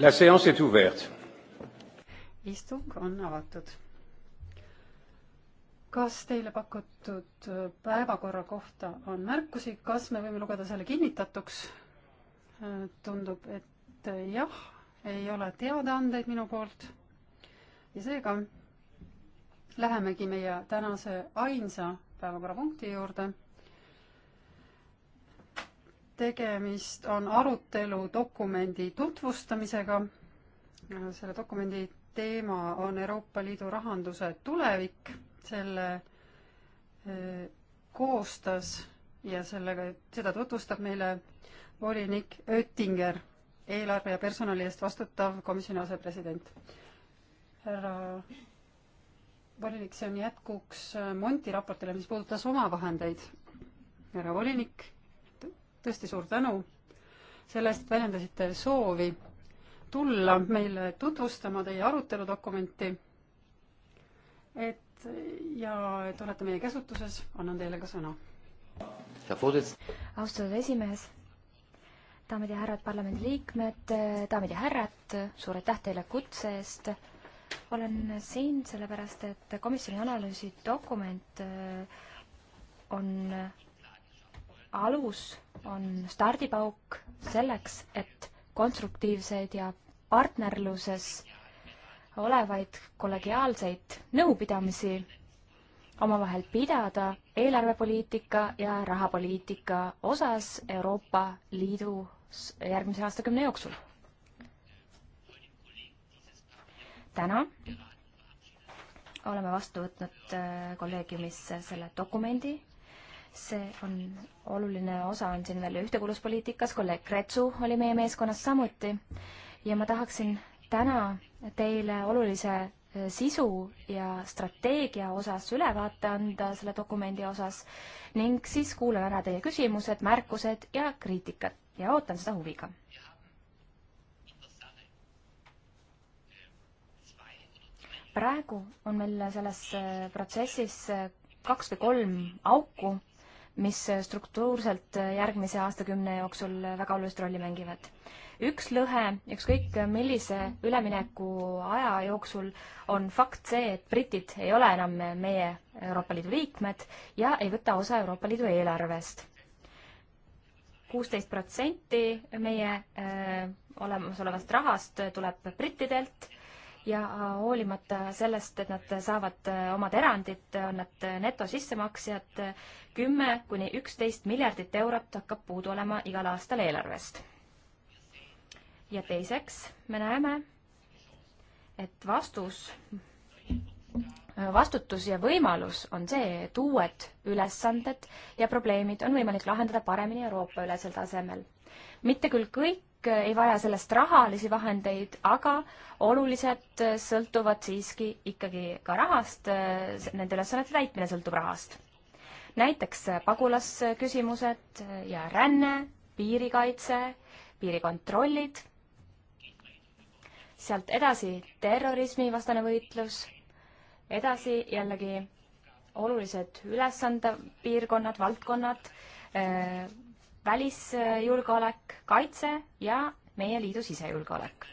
La séance est ouverte. istung on avatud. kas teile pakutud päevakorra kohta on märkusi, kas me võime lugeda selle kinnitatuks? tundub, et jah, ei ole teadaandeid minu poolt. ja seega lähemegi meie tänase ainsa päevakorrapunkti juurde tegemist on arutelu dokumendi tutvustamisega. selle dokumendi teema on Euroopa Liidu rahanduse tulevik. selle eh, koostas ja sellega, seda tutvustab meile volinik Oettinger, eelarve ja personali eest vastutav komisjoni asepresident. härra volinik, see on jätkuks Monti raportile, mis puudutas omavahendeid. härra volinik tõesti suur tänu selle eest, et väljendasite soovi tulla meile tutvustama teie aruteludokumenti. et ja et olete meie käsutuses, annan teile ka sõna. austatud esimees, daamid ja härrad parlamendiliikmed, daamid ja härrad, suur aitäh teile kutse eest. olen siin sellepärast, et komisjoni analüüsidokument äh, on alus on stardipauk selleks, et konstruktiivseid ja partnerluses olevaid kollegiaalseid nõupidamisi omavahel pidada eelarvepoliitika ja rahapoliitika osas Euroopa Liidus järgmise aastakümne jooksul. täna oleme vastu võtnud äh, kolleegiumis selle dokumendi, see on oluline osa, on siin veel ühtekuuluvuspoliitikas, kolleeg Kretsu oli meie meeskonnas samuti ja ma tahaksin täna teile olulise eh, sisu ja strateegia osas ülevaate anda selle dokumendi osas ning siis kuulan ära teie küsimused, märkused ja kriitikat ja ootan seda huviga. praegu on meil selles eh, protsessis eh, kaks või kolm auku mis struktuurselt järgmise aastakümne jooksul väga olulist rolli mängivad. üks lõhe, ükskõik millise ülemineku aja jooksul, on fakt see, et britid ei ole enam meie Euroopa Liidu liikmed ja ei võta osa Euroopa Liidu eelarvest. kuusteist protsenti meie öö, äh, olemasolevast rahast tuleb brittidelt ja hoolimata sellest, et nad saavad äh, omad erandid, on nad äh, netosissemaksjad, äh, kümme kuni üksteist miljardit eurot hakkab puudu olema igal aastal eelarvest. ja teiseks me näeme, et vastus, vastutus ja võimalus on see, et uued ülesanded ja probleemid on võimalik lahendada paremini Euroopa-ülesel tasemel. mitte küll kõik kõik ei vaja sellest rahalisi vahendeid, aga olulised sõltuvad siiski ikkagi ka rahast, nende ülesannete täitmine sõltub rahast. näiteks pagulasküsimused ja ränne, piirikaitse, piirikontrollid, sealt edasi terrorismivastane võitlus, edasi jällegi olulised ülesandepiirkonnad, valdkonnad, eh, välisjulgeolek, kaitse ja meie liidu sisejulgeolek.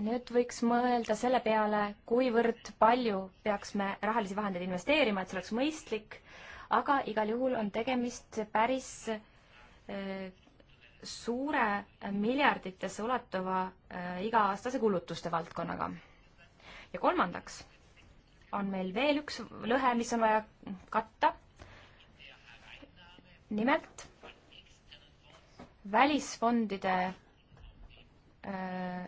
nüüd võiks mõelda selle peale, kuivõrd palju peaks me rahalisi vahendeid investeerima, et see oleks mõistlik, aga igal juhul on tegemist päris äh, suure miljarditesse ulatuva äh, iga-aastase kulutuste valdkonnaga. ja kolmandaks on meil veel üks lõhe, mis on vaja katta nimelt välisfondide äh,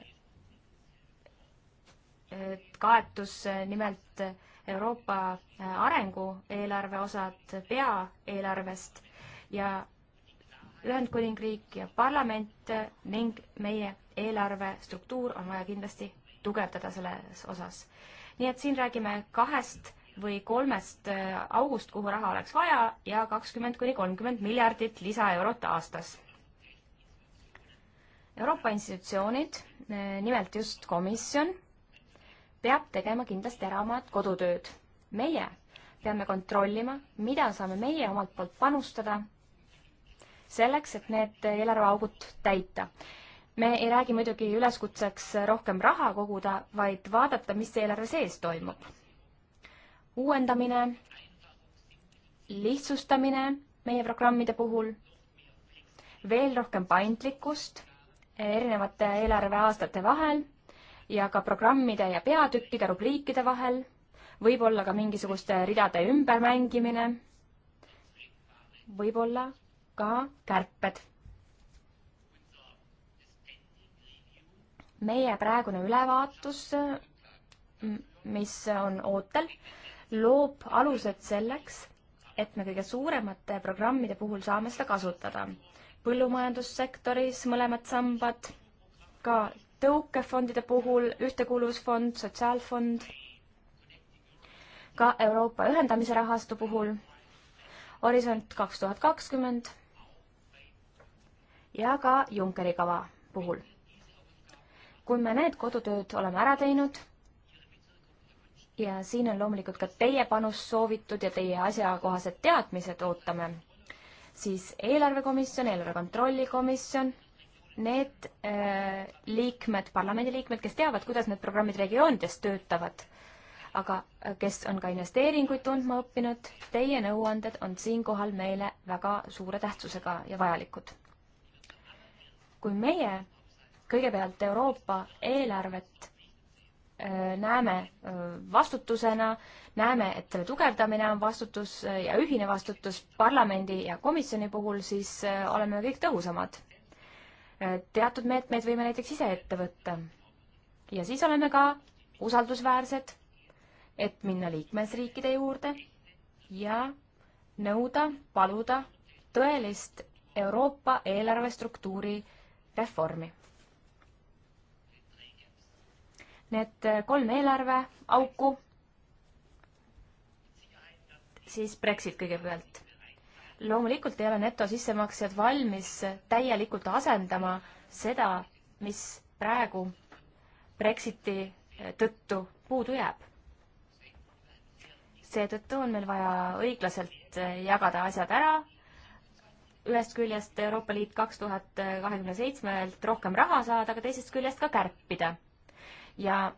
kaetus äh, nimelt Euroopa äh, arengueelarve osad peaeelarvest ja Ühendkuningriik ja parlament ning meie eelarve struktuur on vaja kindlasti tugevdada selles osas. nii et siin räägime kahest või kolmest äh, august, kuhu raha oleks vaja ja kakskümmend kuni kolmkümmend miljardit lisaeurot aastas. Euroopa institutsioonid, äh, nimelt just komisjon, peab tegema kindlasti ära oma kodutööd. meie peame kontrollima, mida saame meie omalt poolt panustada selleks, et need eelarveaugud täita me ei räägi muidugi üleskutseks rohkem raha koguda, vaid vaadata, mis eelarve sees toimub uuendamine, lihtsustamine meie programmide puhul, veel rohkem paindlikkust erinevate eelarveaastate vahel ja ka programmide ja peatükkide, rubriikide vahel, võib-olla ka mingisuguste ridade ümbermängimine, võib-olla ka kärped. meie praegune ülevaatus, mis on ootel, loob alused selleks, et me kõige suuremate programmide puhul saame seda kasutada. põllumajandussektoris mõlemad sambad, ka tõukefondide puhul ühtekuuluvusfond, sotsiaalfond, ka Euroopa ühendamise rahastu puhul Horisont kaks tuhat kakskümmend ja ka Junckeri kava puhul. kui me need kodutööd oleme ära teinud ja siin on loomulikult ka teie panus soovitud ja teie asjakohased teadmised ootame. siis eelarvekomisjon, eelarve kontrolli komisjon, need äh, liikmed, parlamendiliikmed, kes teavad, kuidas need programmid regioonides töötavad, aga äh, kes on ka investeeringuid tundma õppinud, teie nõuanded on siinkohal meile väga suure tähtsusega ja vajalikud. kui meie kõigepealt Euroopa eelarvet Äh, näeme äh, vastutusena, näeme, et selle tugevdamine on vastutus äh, ja ühine vastutus parlamendi ja komisjoni puhul, siis oleme me kõik tõhusamad. teatud meetmeid võime näiteks ise ette võtta. ja siis oleme ka usaldusväärsed, et minna liikmesriikide juurde ja nõuda, paluda tõelist Euroopa eelarvestruktuuri reformi need kolm eelarveauku, siis Brexit kõigepealt. loomulikult ei ole netosissemaksjad valmis täielikult asendama seda, mis praegu Brexiti tõttu puudu jääb seetõttu on meil vaja õiglaselt jagada asjad ära, ühest küljest Euroopa Liit kaks tuhat kahekümne seitsmelt rohkem raha saada, aga teisest küljest ka kärpida ja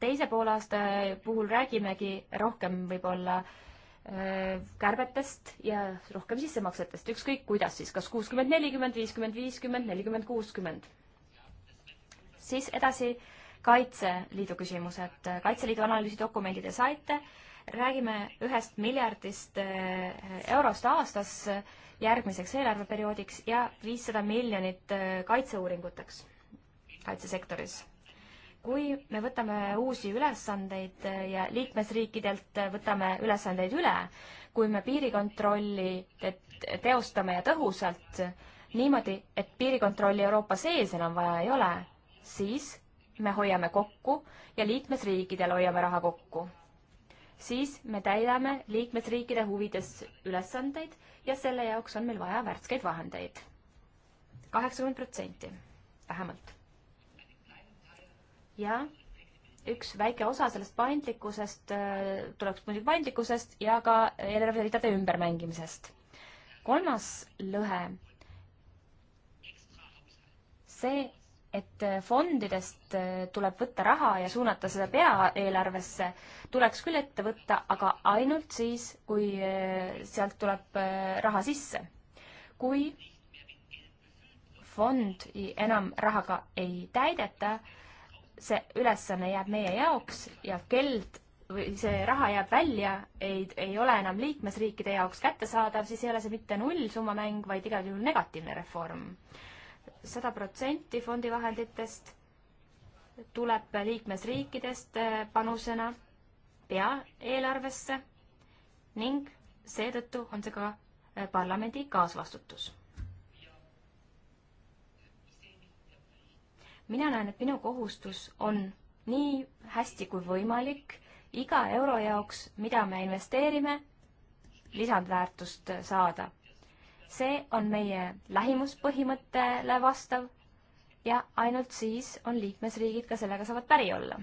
teise poolaasta puhul räägimegi rohkem võib-olla äh, kärbetest ja rohkem sissemaksetest, ükskõik kuidas siis, kas kuuskümmend, nelikümmend, viiskümmend, viiskümmend, nelikümmend, kuuskümmend. siis edasi Kaitseliidu küsimused. kaitseliidu analüüsidokumendi te saite, räägime ühest miljardist äh, eurost aastas järgmiseks eelarveperioodiks ja viissada miljonit äh, kaitseuuringuteks kaitsesektoris. kui me võtame uusi ülesandeid äh, ja liikmesriikidelt äh, võtame ülesandeid üle, kui me piirikontrolli teostame ja tõhusalt, niimoodi, et piirikontrolli Euroopa sees enam vaja ei ole, siis me hoiame kokku ja liikmesriikidel hoiame raha kokku. siis me täidame liikmesriikide huvides ülesandeid ja selle jaoks on meil vaja värskeid vahendeid. kaheksakümmend protsenti vähemalt ja üks väike osa sellest paindlikkusest äh, tuleks muidugi paindlikkusest ja ka eelarveridade ümbermängimisest. kolmas lõhe. see, et fondidest äh, tuleb võtta raha ja suunata seda peaeelarvesse, tuleks küll ette võtta, aga ainult siis, kui äh, sealt tuleb raha sisse. kui fondi enam rahaga ei täideta, see ülesanne jääb meie jaoks ja keld või see raha jääb välja, ei, ei ole enam liikmesriikide jaoks kättesaadav, siis ei ole see mitte nullsumma mäng, vaid igal juhul negatiivne reform. sada protsenti fondi vahenditest tuleb liikmesriikidest eh, panusena peaeelarvesse ning seetõttu on see ka eh, parlamendi kaasvastutus mina näen, et minu kohustus on nii hästi kui võimalik iga euro jaoks, mida me investeerime, lisandväärtust saada. see on meie lähimuspõhimõttele vastav ja ainult siis on liikmesriigid ka sellega saavad päri olla.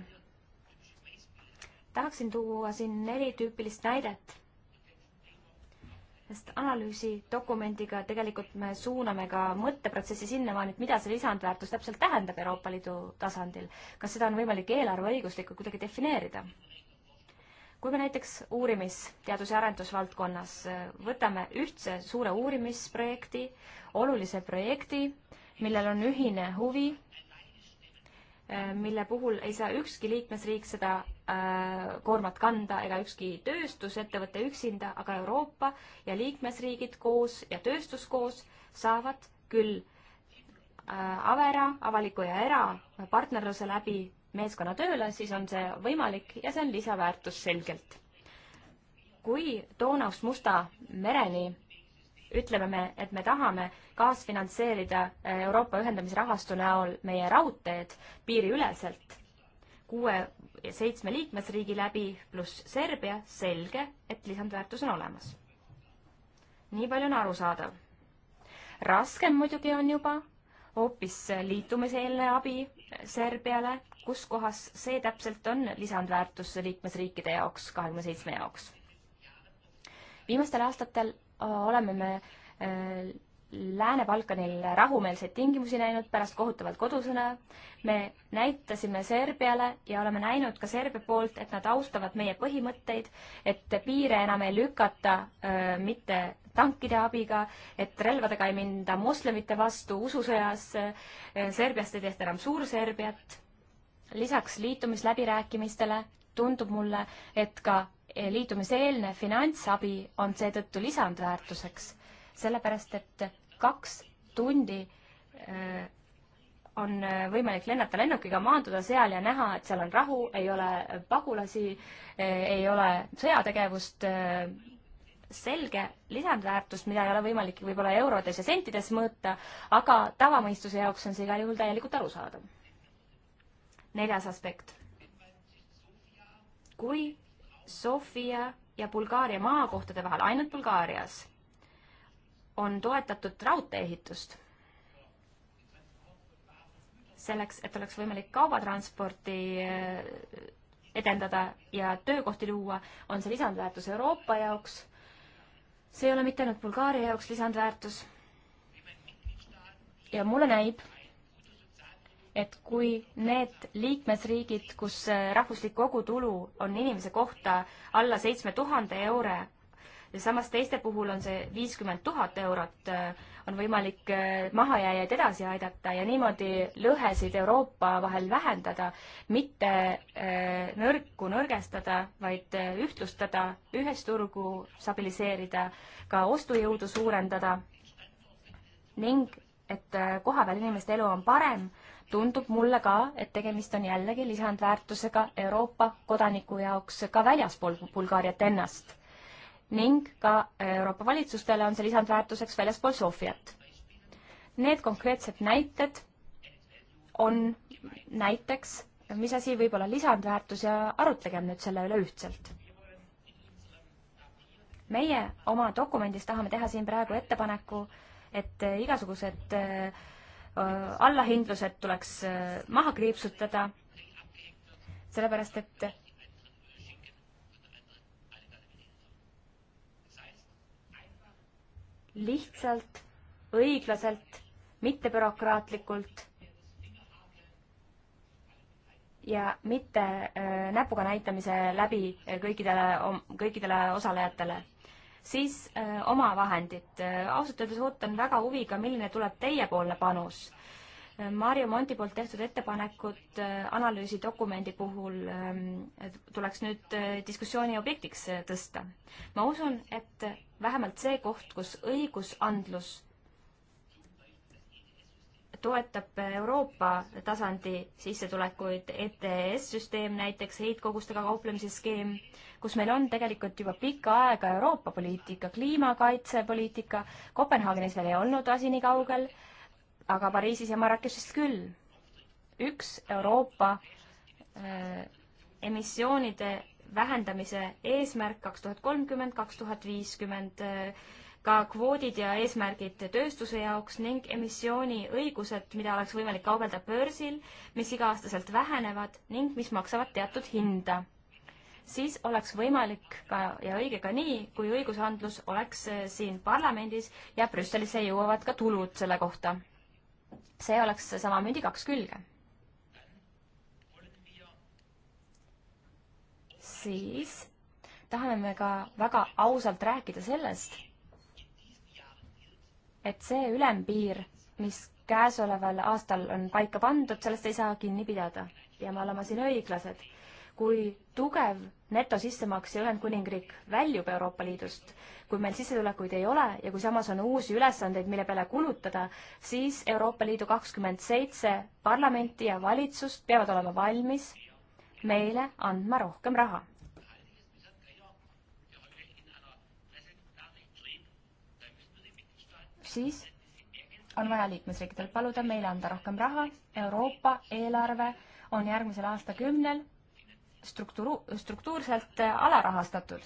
tahaksin tuua siin neli tüüpilist näidet sest analüüsi dokumendiga tegelikult me suuname ka mõtteprotsessi sinnamaani, et mida see lisandväärtus täpselt tähendab Euroopa Liidu tasandil. kas seda on võimalik eelarveõiguslikult kuidagi defineerida? kui me näiteks uurimis, teadus- ja arendusvaldkonnas äh, võtame ühtse suure uurimisprojekti, olulise projekti, millel on ühine huvi, äh, mille puhul ei saa ükski liikmesriik seda Äh, koormat kanda ega ükski tööstusettevõte üksinda, aga Euroopa ja liikmesriigid koos ja tööstus koos saavad küll äh, Avera, avaliku ja erapartnerluse läbi meeskonnatööle, siis on see võimalik ja see on lisaväärtus selgelt. kui Donaust Musta mereni ütleme me, et me tahame kaasfinantseerida äh, Euroopa ühendamisrahastu näol meie raudteed piiriüleselt kuue seitsme liikmesriigi läbi pluss Serbia, selge, et lisandväärtus on olemas. nii palju on arusaadav. raskem muidugi on juba hoopis liitumiseelne abi Serbiale, kus kohas see täpselt on lisandväärtus liikmesriikide jaoks, kahekümne seitsme jaoks. viimastel aastatel äh, oleme me äh, Lääne-Balkanil rahumeelseid tingimusi näinud pärast kohutavat kodusõna. me näitasime Serbiale ja oleme näinud ka Serbia poolt, et nad austavad meie põhimõtteid, et piire enam ei lükata äh, mitte tankide abiga, et relvadega ei minda moslemite vastu ususõjas äh,. Serbiast ei tehta enam Suur-Serbiat. lisaks liitumisläbirääkimistele tundub mulle, et ka liitumiseelne finantsabi on seetõttu lisandväärtuseks sellepärast et kaks tundi äh, on äh, võimalik lennata lennukiga, maanduda seal ja näha, et seal on rahu, ei ole pagulasi, äh, ei ole sõjategevust, selge lisandväärtus, mida ei ole võimalik võib-olla eurodes ja sentides mõõta, aga tavamõistuse jaoks on see igal juhul täielikult arusaadav. neljas aspekt. kui Sofia ja Bulgaaria maakohtade vahel, ainult Bulgaarias on toetatud raudtee ehitust. selleks, et oleks võimalik kaubatransporti eh, edendada ja töökohti luua, on see lisandväärtus Euroopa jaoks. see ei ole mitte ainult Bulgaaria jaoks lisandväärtus. ja mulle näib, et kui need liikmesriigid, kus eh, rahvuslik kogutulu on inimese kohta alla seitsme tuhande euro, ja samas teiste puhul on see viiskümmend tuhat eurot, äh, on võimalik äh, mahajääjaid edasi aidata ja niimoodi lõhesid Euroopa vahel vähendada, mitte äh, nõrku nõrgestada, vaid ühtlustada, ühisturgu stabiliseerida, ka ostujõudu suurendada ning et kohapeal inimeste elu on parem, tundub mulle ka, et tegemist on jällegi lisandväärtusega Euroopa kodaniku jaoks ka väljaspool Bulgaariat ennast ning ka Euroopa valitsustele on see lisandväärtuseks väljaspool Sofiat. Need konkreetsed näited on näiteks, mis asi võib olla lisandväärtus ja arutlegem nüüd selle üle ühtselt. meie oma dokumendis tahame teha siin praegu ettepaneku, et igasugused äh, allahindlused tuleks äh, maha kriipsutada, sellepärast et lihtsalt, õiglaselt, mitte bürokraatlikult ja mitte äh, näpuga näitamise läbi kõikidele, kõikidele osalejatele siis äh, omavahendid. Äh, ausalt öeldes ootan väga huviga, milline tuleb teiepoolne panus. Mario Monti poolt tehtud ettepanekut äh, analüüsidokumendi puhul ähm, tuleks nüüd äh, diskussiooni objektiks äh, tõsta. ma usun, et vähemalt see koht, kus õigusandlus toetab Euroopa tasandi sissetulekuid, ETS-süsteem näiteks, heitkogustega kauplemise skeem, kus meil on tegelikult juba pikka aega Euroopa poliitika, kliimakaitsepoliitika, Kopenhaagenis veel ei olnud asi nii kaugel, aga Pariisis ja Marrakechis küll. üks Euroopa äh, emissioonide vähendamise eesmärk kaks tuhat kolmkümmend, kaks tuhat viiskümmend, äh, ka kvoodid ja eesmärgid tööstuse jaoks ning emissiooniõigused, mida oleks võimalik kaubelda börsil, mis iga-aastaselt vähenevad ning mis maksavad teatud hinda. siis oleks võimalik ka ja õige ka nii, kui õigusandlus oleks äh, siin parlamendis ja Brüsselisse jõuavad ka tulud selle kohta see oleks sama mündi kaks külge. siis tahame me ka väga ausalt rääkida sellest, et see ülempiir, mis käesoleval aastal on paika pandud, sellest ei saa kinni pidada ja me oleme siin õiglased kui tugev netosissemaksja Ühendkuningriik väljub Euroopa Liidust, kui meil sissetulekuid ei ole ja kui samas on uusi ülesandeid, mille peale kulutada, siis Euroopa Liidu kakskümmend seitse parlamenti ja valitsust peavad olema valmis meile andma rohkem raha. siis on vaja liikmesriikidel paluda meile anda rohkem raha, Euroopa eelarve on järgmisel aastakümnel strukturu-, struktuurselt äh, alarahastatud.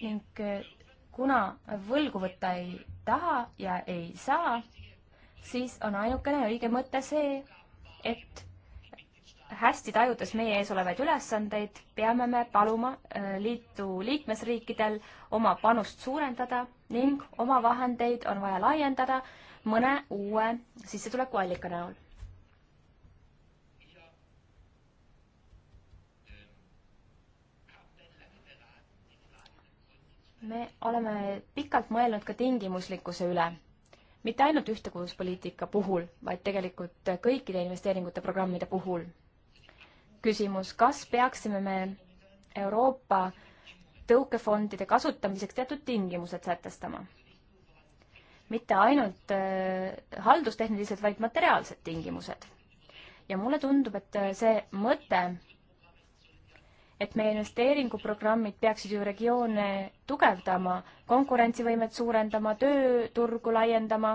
ning äh, kuna võlgu võtta ei taha ja ei saa, siis on ainukene õige mõte see, et hästi tajudes meie ees olevaid ülesandeid, peame me paluma äh, liitu liikmesriikidel oma panust suurendada ning oma vahendeid on vaja laiendada mõne uue sissetulekuallika näol me oleme pikalt mõelnud ka tingimuslikkuse üle. mitte ainult ühtekuuluvuspoliitika puhul, vaid tegelikult kõikide investeeringute programmide puhul. küsimus, kas peaksime me Euroopa tõukefondide kasutamiseks teatud tingimused sätestama? mitte ainult äh, haldustehnilised, vaid materiaalsed tingimused. ja mulle tundub, et äh, see mõte et meie investeeringuprogrammid peaksid ju regioone tugevdama, konkurentsivõimet suurendama, tööturgu laiendama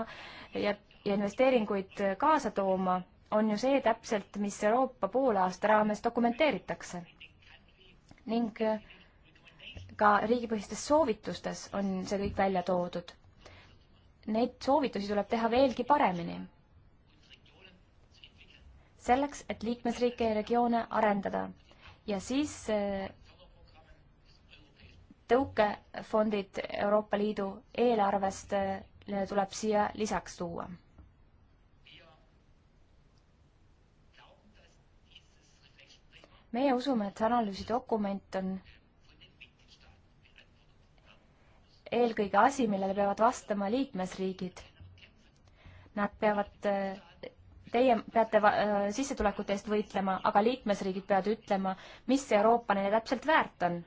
ja, ja investeeringuid kaasa tooma, on ju see täpselt, mis Euroopa poolaasta raames dokumenteeritakse. ning ka riigipõhistes soovitustes on see kõik välja toodud. Neid soovitusi tuleb teha veelgi paremini selleks, et liikmesriike ja regioone arendada ja siis äh, tõukefondid Euroopa Liidu eelarvest tuleb siia lisaks tuua. meie usume, et analüüsidokument on eelkõige asi, millele peavad vastama liikmesriigid. Nad peavad äh, teie peate äh, sissetulekute eest võitlema, aga liikmesriigid peavad ütlema, mis Euroopa neile täpselt väärt on.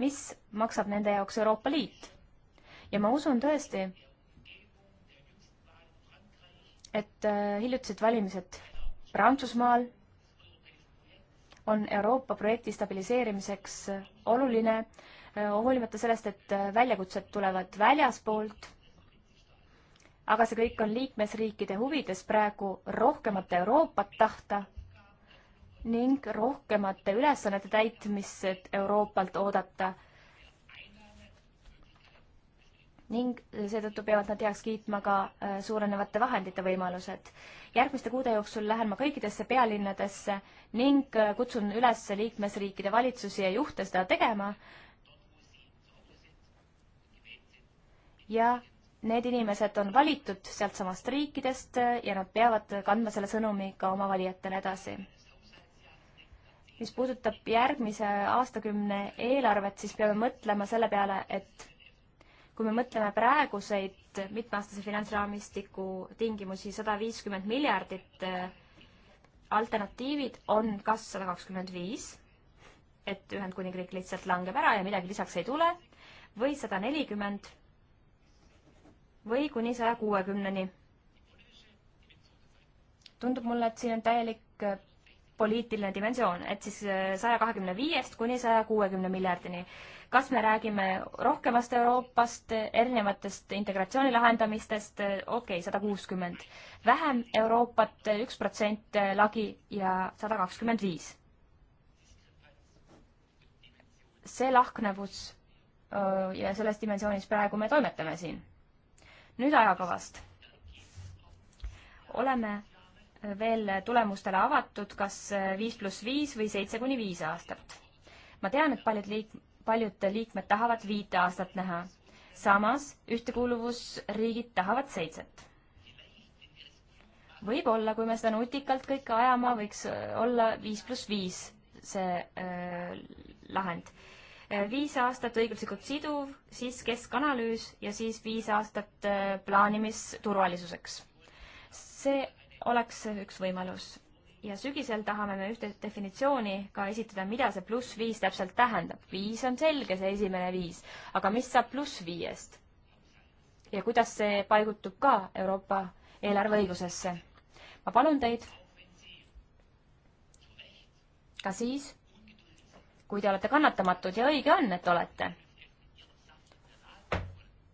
mis maksab nende jaoks Euroopa Liit? ja ma usun tõesti, et äh, hiljutised valimised Prantsusmaal on Euroopa projekti stabiliseerimiseks äh, oluline, hoolimata sellest, et väljakutsed tulevad väljaspoolt aga see kõik on liikmesriikide huvides praegu rohkemat Euroopat tahta ning rohkemate ülesannete täitmist Euroopalt oodata. ning seetõttu peavad nad heaks kiitma ka äh, suurenevate vahendite võimalused. järgmiste kuude jooksul lähen ma kõikidesse pealinnadesse ning äh, kutsun üles liikmesriikide valitsusi ja juhte seda tegema. ja need inimesed on valitud sealtsamast riikidest äh, ja nad peavad kandma selle sõnumi ka oma valijatele edasi. mis puudutab järgmise aastakümne eelarvet, siis peame mõtlema selle peale, et kui me mõtleme praeguseid mitmeaastase finantsraamistiku tingimusi, sada viiskümmend miljardit, äh, alternatiivid on kas sada kakskümmend viis, et Ühendkuningriik lihtsalt langeb ära ja midagi lisaks ei tule, või sada nelikümmend või kuni saja kuuekümneni. tundub mulle, et siin on täielik äh, poliitiline dimensioon, et siis äh, saja kahekümne viiest kuni saja kuuekümne miljardini. kas me räägime rohkemast Euroopast, erinevatest integratsiooni lahendamistest, okei okay,, sada kuuskümmend. vähem Euroopat, üks protsent äh, lagi ja sada kakskümmend viis. see lahknevus ja selles dimensioonis praegu me toimetame siin nüüd ajakavast. oleme veel tulemustele avatud, kas viis pluss viis või seitse kuni viis aastat. ma tean, et paljud liik-, paljud liikmed tahavad viite aastat näha. samas ühtekuuluvusriigid tahavad seitset võib-olla, kui me seda nutikalt kõike ajama, võiks olla viis pluss viis see öö, äh, lahend. Äh, viis aastat õiguslikult siduv, siis keskanalüüs ja siis viis aastat äh, plaanimisturvalisuseks. see oleks üks võimalus ja sügisel tahame me ühte definitsiooni ka esitada, mida see pluss viis täpselt tähendab. viis on selge, see esimene viis, aga mis saab pluss viiest? ja kuidas see paigutub ka Euroopa eelarveõigusesse? ma palun teid ka siis kui te olete kannatamatud ja õige on, et olete.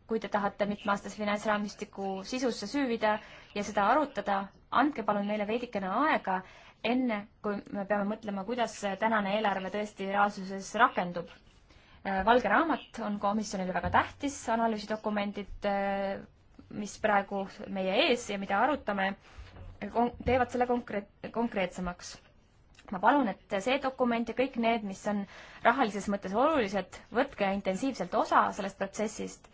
kui te tahate mitmeaastase finantsraamistiku sisusse süüvida ja seda arutada, andke palun meile veidikene aega, enne kui me peame mõtlema, kuidas tänane eelarve tõesti reaalsuses rakendub. Äh, valge raamat on komisjonile väga tähtis, analüüsidokumendid, äh, mis praegu meie ees ja mida arutame, äh, teevad selle konkreet-, konkreetsemaks ma palun, et see dokument ja kõik need, mis on rahalises mõttes olulised, võtke intensiivselt osa sellest protsessist.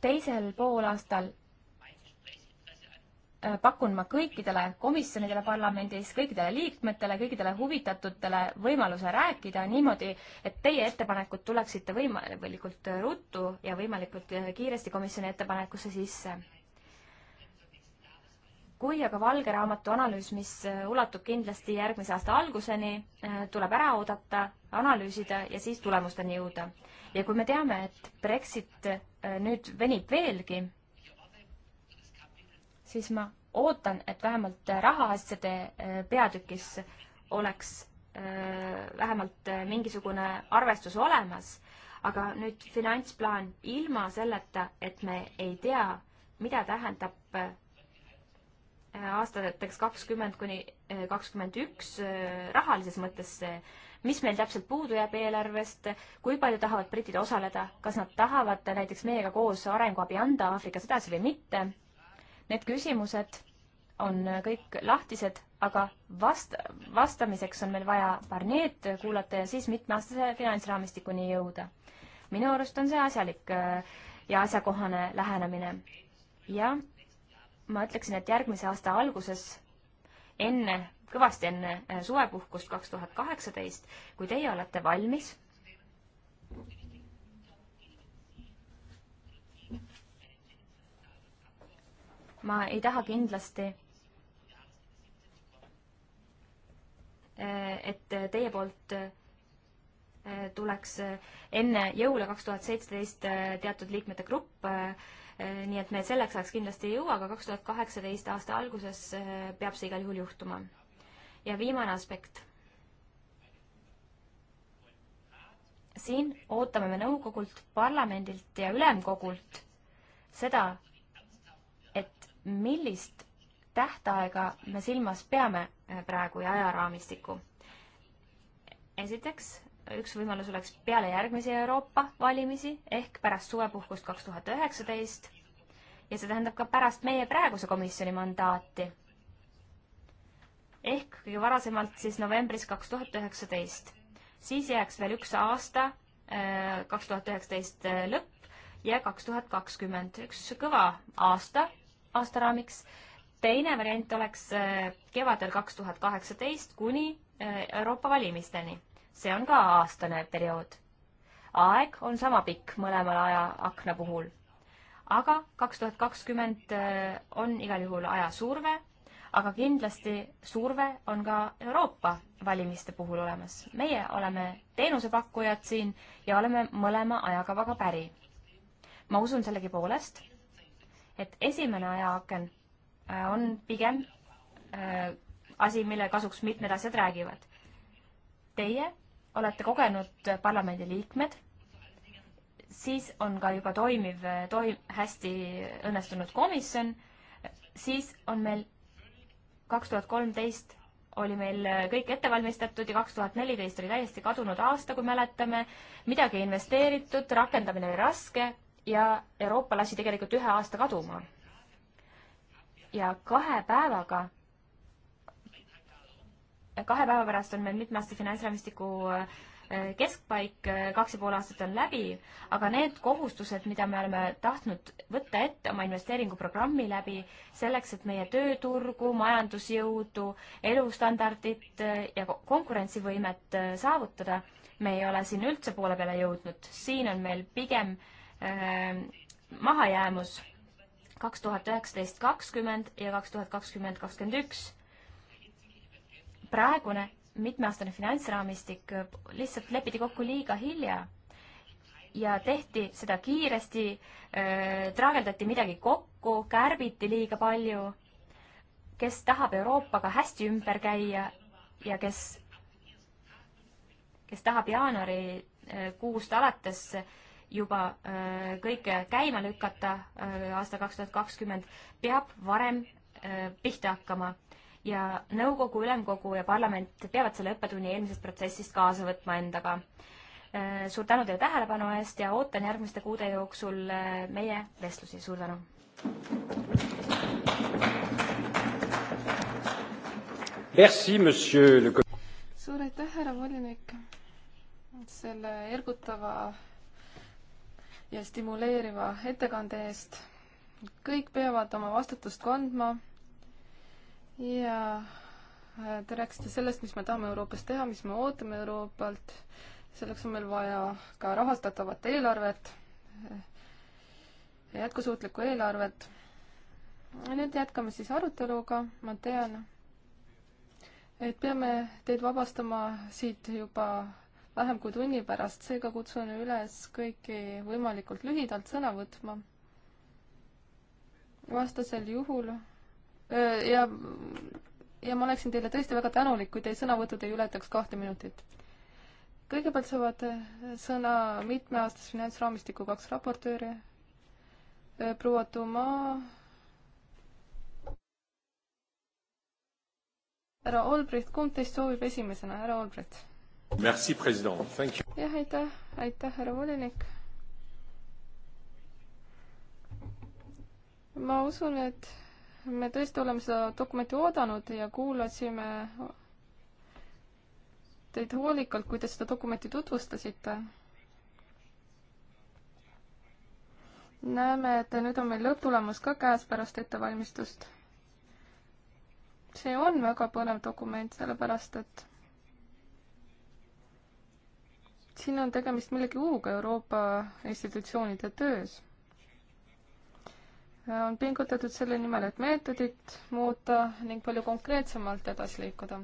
teisel poolaastal äh, pakun ma kõikidele komisjonidele parlamendis, kõikidele liikmetele, kõikidele huvitatutele võimaluse rääkida niimoodi, et teie ettepanekud tuleksite võimalikult ruttu ja võimalikult äh, kiiresti komisjoni ettepanekusse sisse kui aga valge raamatu analüüs, mis äh, ulatub kindlasti järgmise aasta alguseni, äh, tuleb ära oodata, analüüsida ja siis tulemusteni jõuda. ja kui me teame, et Brexit äh, nüüd venib veelgi, siis ma ootan, et vähemalt rahaasjade peatükis oleks vähemalt mingisugune arvestus olemas, aga nüüd finantsplaan ilma selleta, et me ei tea, mida tähendab aastateks kakskümmend kuni eh, kakskümmend üks eh, rahalises mõttes, mis meil täpselt puudu jääb eelarvest, kui palju tahavad britid osaleda, kas nad tahavad näiteks meiega koos arenguabi anda Aafrikas edasi või mitte. Need küsimused on eh, kõik lahtised, aga vast-, vastamiseks on meil vaja Barnet kuulata ja siis mitmeaastase finantsraamistikuni jõuda. minu arust on see asjalik ja asjakohane lähenemine. jah ma ütleksin, et järgmise aasta alguses, enne, kõvasti enne äh, suvepuhkust kaks tuhat kaheksateist, kui teie olete valmis, ma ei taha kindlasti, äh, et teie poolt äh, tuleks enne jõule kaks tuhat seitseteist teatud liikmete grupp Eh, nii et me selleks ajaks kindlasti ei jõua, aga kaks tuhat kaheksateist aasta alguses eh, peab see igal juhul juhtuma. ja viimane aspekt. siin ootame me nõukogult, parlamendilt ja ülemkogult seda, et millist tähtaega me silmas peame eh, praegu ja ajaraamistikku. esiteks üks võimalus oleks peale järgmisi Euroopa valimisi ehk pärast suvepuhkust kaks tuhat üheksateist ja see tähendab ka pärast meie praeguse komisjoni mandaati. ehk kõige varasemalt siis novembris kaks tuhat üheksateist. siis jääks veel üks aasta, äh, kaks tuhat üheksateist äh, lõpp ja kaks tuhat kakskümmend, üks kõva aasta aastaraamiks. teine variant oleks äh, kevadel kaks tuhat kaheksateist kuni Euroopa valimisteni see on ka aastane periood. aeg on sama pikk mõlemal ajaakna puhul. aga kaks tuhat kakskümmend äh, on igal juhul ajasurve, aga kindlasti surve on ka Euroopa valimiste puhul olemas. meie oleme teenusepakkujad siin ja oleme mõlema ajakavaga päri. ma usun sellegipoolest, et esimene ajaaken äh, on pigem äh, asi, mille kasuks mitmed asjad räägivad. Teie olete kogenud parlamendiliikmed, siis on ka juba toimiv, toim-, hästi õnnestunud komisjon, siis on meil kaks tuhat kolmteist oli meil kõik ette valmistatud ja kaks tuhat neliteist oli täiesti kadunud aasta, kui mäletame, midagi ei investeeritud, rakendamine oli raske ja Euroopa lasi tegelikult ühe aasta kaduma. ja kahe päevaga kahe päeva pärast on meil mitmeaastase finantsraamistiku äh, keskpaik, äh, kaks ja pool aastat on läbi, aga need kohustused, mida me oleme tahtnud võtta ette oma investeeringuprogrammi läbi, selleks, et meie tööturgu, majandusjõudu, elustandardit äh, ja konkurentsivõimet saavutada, me ei ole siin üldse poole peale jõudnud, siin on meil pigem äh, mahajäämus kaks tuhat üheksateist kakskümmend ja kaks tuhat kakskümmend kakskümmend üks praegune mitmeaastane finantsraamistik lihtsalt lepiti kokku liiga hilja ja tehti seda kiiresti äh,, traageldati midagi kokku, kärbiti liiga palju. kes tahab Euroopaga hästi ümber käia ja kes, kes tahab jaanuarikuust äh, alates juba äh, kõike käima lükata äh, aasta kaks tuhat kakskümmend, peab varem äh, pihta hakkama ja nõukogu, ülemkogu ja parlament peavad selle õppetunni eelmisest protsessist kaasa võtma endaga. Äh, suur tänu teile tähelepanu eest ja ootan järgmiste kuude jooksul äh, meie vestlusi, suur tänu! Merci, monsieur le suur aitäh, härra volinik, selle ergutava ja stimuleeriva ettekande eest. kõik peavad oma vastutust kandma ja äh, te rääkisite sellest, mis me tahame Euroopas teha, mis me ootame Euroopalt. selleks on meil vaja ka rahastatavat eelarvet, äh, jätkusuutlikku eelarvet. nüüd jätkame siis aruteluga, ma tean, et peame teid vabastama siit juba vähem kui tunni pärast, seega kutsun üles kõiki võimalikult lühidalt sõna võtma. vastasel juhul ja, ja ma oleksin teile tõesti väga tänulik, kui teie sõnavõtud ei ületaks kahte minutit. kõigepealt saavad äh, sõna mitmeaastase finantsraamistiku kaks raportööri, proua Tuma, härra Olbrecht, kumb teist soovib esimesena, härra Olbrecht? Merci, president, thank you. jah, aitäh, aitäh, härra volinik. ma usun, et me tõesti oleme seda dokumenti oodanud ja kuulasime teid hoolikalt, kui te seda dokumenti tutvustasite. näeme, et nüüd on meil lõpptulemus ka käes pärast ettevalmistust. see on väga põnev dokument, sellepärast et siin on tegemist millegi uuga Euroopa institutsioonide töös on pingutatud selle nimel, et meetodit muuta ning palju konkreetsemalt edasi liikuda.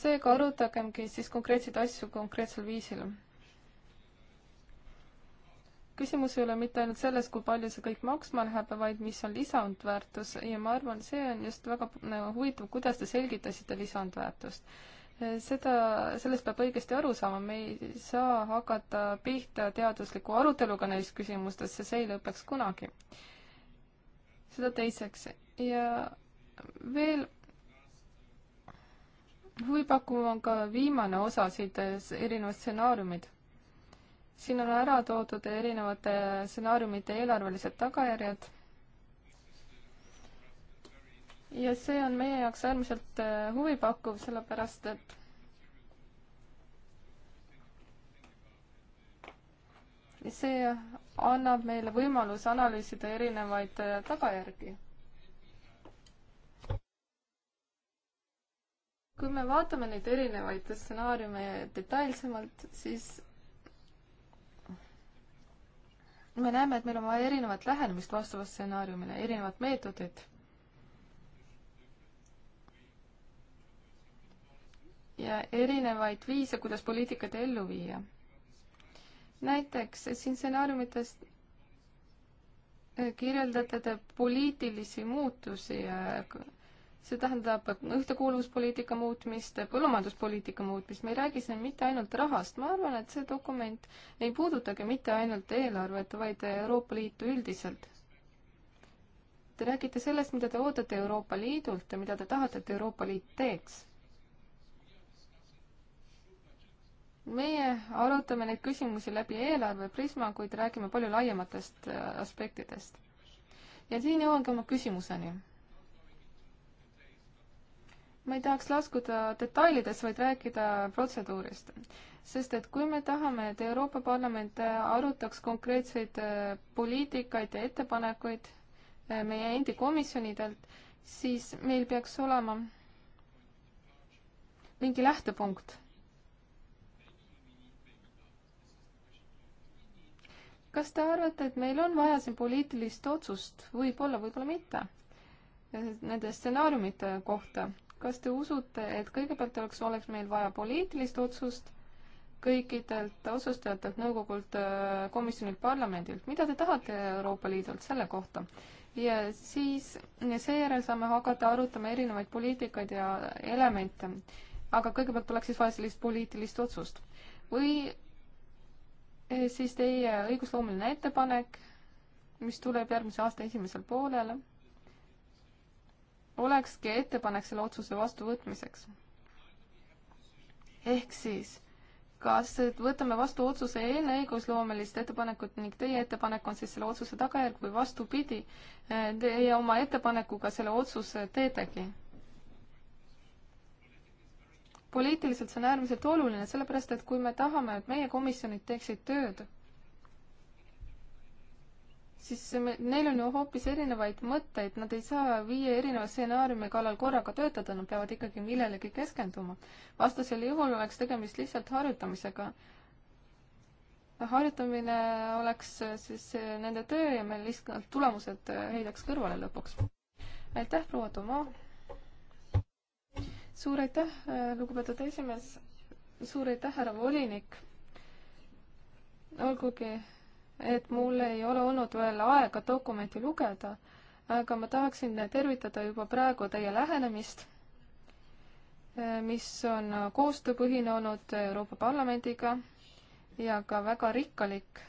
seega arutagemgi siis konkreetseid asju konkreetsel viisil. küsimus ei ole mitte ainult selles, kui palju see kõik maksma läheb, vaid mis on lisandväärtus ja ma arvan, see on just väga huvitav, kuidas te selgitasite lisandväärtust. seda, sellest peab õigesti aru saama, me ei saa hakata pihta teadusliku aruteluga neis küsimustes, sest see ei lõpeks kunagi seda teiseks ja veel huvipakkuv on ka viimane osa siit, eh, erinevad stsenaariumid. siin on ära toodud erinevate stsenaariumite eelarvelised tagajärjed. ja see on meie jaoks äärmiselt eh, huvipakkuv, sellepärast et see annab meile võimaluse analüüsida erinevaid äh, tagajärgi. kui me vaatame neid erinevaid stsenaariume detailsemalt, siis me näeme, et meil on vaja erinevat lähenemist vastavas stsenaariumile, erinevat meetodit ja erinevaid viise, kuidas poliitikat ellu viia näiteks siin stsenaariumites eh, kirjeldate te poliitilisi muutusi, eh, see tähendab ühtekuuluvuspoliitika muutmist, põllumajanduspoliitika muutmist, me ei räägi siin mitte ainult rahast, ma arvan, et see dokument ei puudutagi mitte ainult eelarvet, vaid Euroopa Liitu üldiselt. Te räägite sellest, mida te ootate Euroopa Liidult ja mida te tahate, et Euroopa Liit teeks meie arutame neid küsimusi läbi eelarveprisma, kuid räägime palju laiematest äh, aspektidest. ja siin jõuangi oma küsimuseni. ma ei tahaks laskuda detailides, vaid rääkida protseduurist. sest et kui me tahame, et Euroopa Parlament äh, arutaks konkreetseid äh, poliitikaid ja ettepanekuid meie endi komisjonidelt, siis meil peaks olema mingi lähtepunkt kas te arvate, et meil on vaja siin poliitilist otsust, võib-olla, võib-olla mitte, nende stsenaariumite kohta? kas te usute, et kõigepealt oleks, oleks meil vaja poliitilist otsust kõikidelt otsustajatelt, nõukogult, äh, komisjonilt, parlamendilt, mida te tahate Euroopa Liidult selle kohta? ja siis, seejärel saame hakata arutama erinevaid poliitikaid ja elemente. aga kõigepealt oleks siis vaja sellist poliitilist otsust. või Eh, siis teie õigusloomeline ettepanek, mis tuleb järgmise aasta esimesel poolel, olekski ettepanek selle otsuse vastuvõtmiseks. ehk siis, kas võtame vastu otsuse enne õigusloomelist ettepanekut ning teie ettepanek on siis selle otsuse tagajärg või vastupidi, eh, teie oma ettepanekuga selle otsuse teetegi poliitiliselt see on äärmiselt oluline, sellepärast et kui me tahame, et meie komisjonid teeksid tööd, siis me, neil on ju hoopis erinevaid mõtteid, nad ei saa viie erineva stsenaariumi kallal korraga töötada, nad peavad ikkagi millelegi keskenduma. vastasel juhul oleks tegemist lihtsalt harjutamisega. harjutamine oleks siis nende töö ja me lihtsalt tulemused heidaks kõrvale lõpuks. aitäh, proua Tomaa! suur aitäh, äh, lugupeetud esimees, suur aitäh, härra volinik. olgugi, et mul ei ole olnud veel aega dokumenti lugeda, aga ma tahaksin tervitada juba praegu teie lähenemist, äh, mis on koostööpõhine olnud Euroopa Parlamendiga ja ka väga rikkalik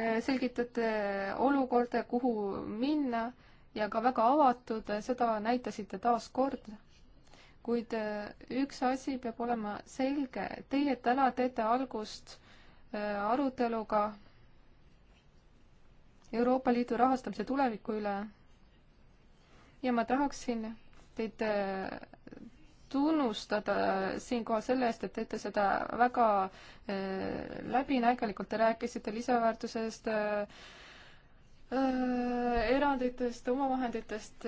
äh, selgitate olukorda, kuhu minna ja ka väga avatud, seda näitasite taas kord. kuid äh, üks asi peab olema selge, teie täna teete algust äh, aruteluga Euroopa Liidu rahastamise tuleviku üle. ja ma tahaksin teid äh, tunnustada siinkohal selle eest, et teete seda väga läbinägelikult, te rääkisite lisaväärtusest äh,, Äh, eranditest, omavahenditest.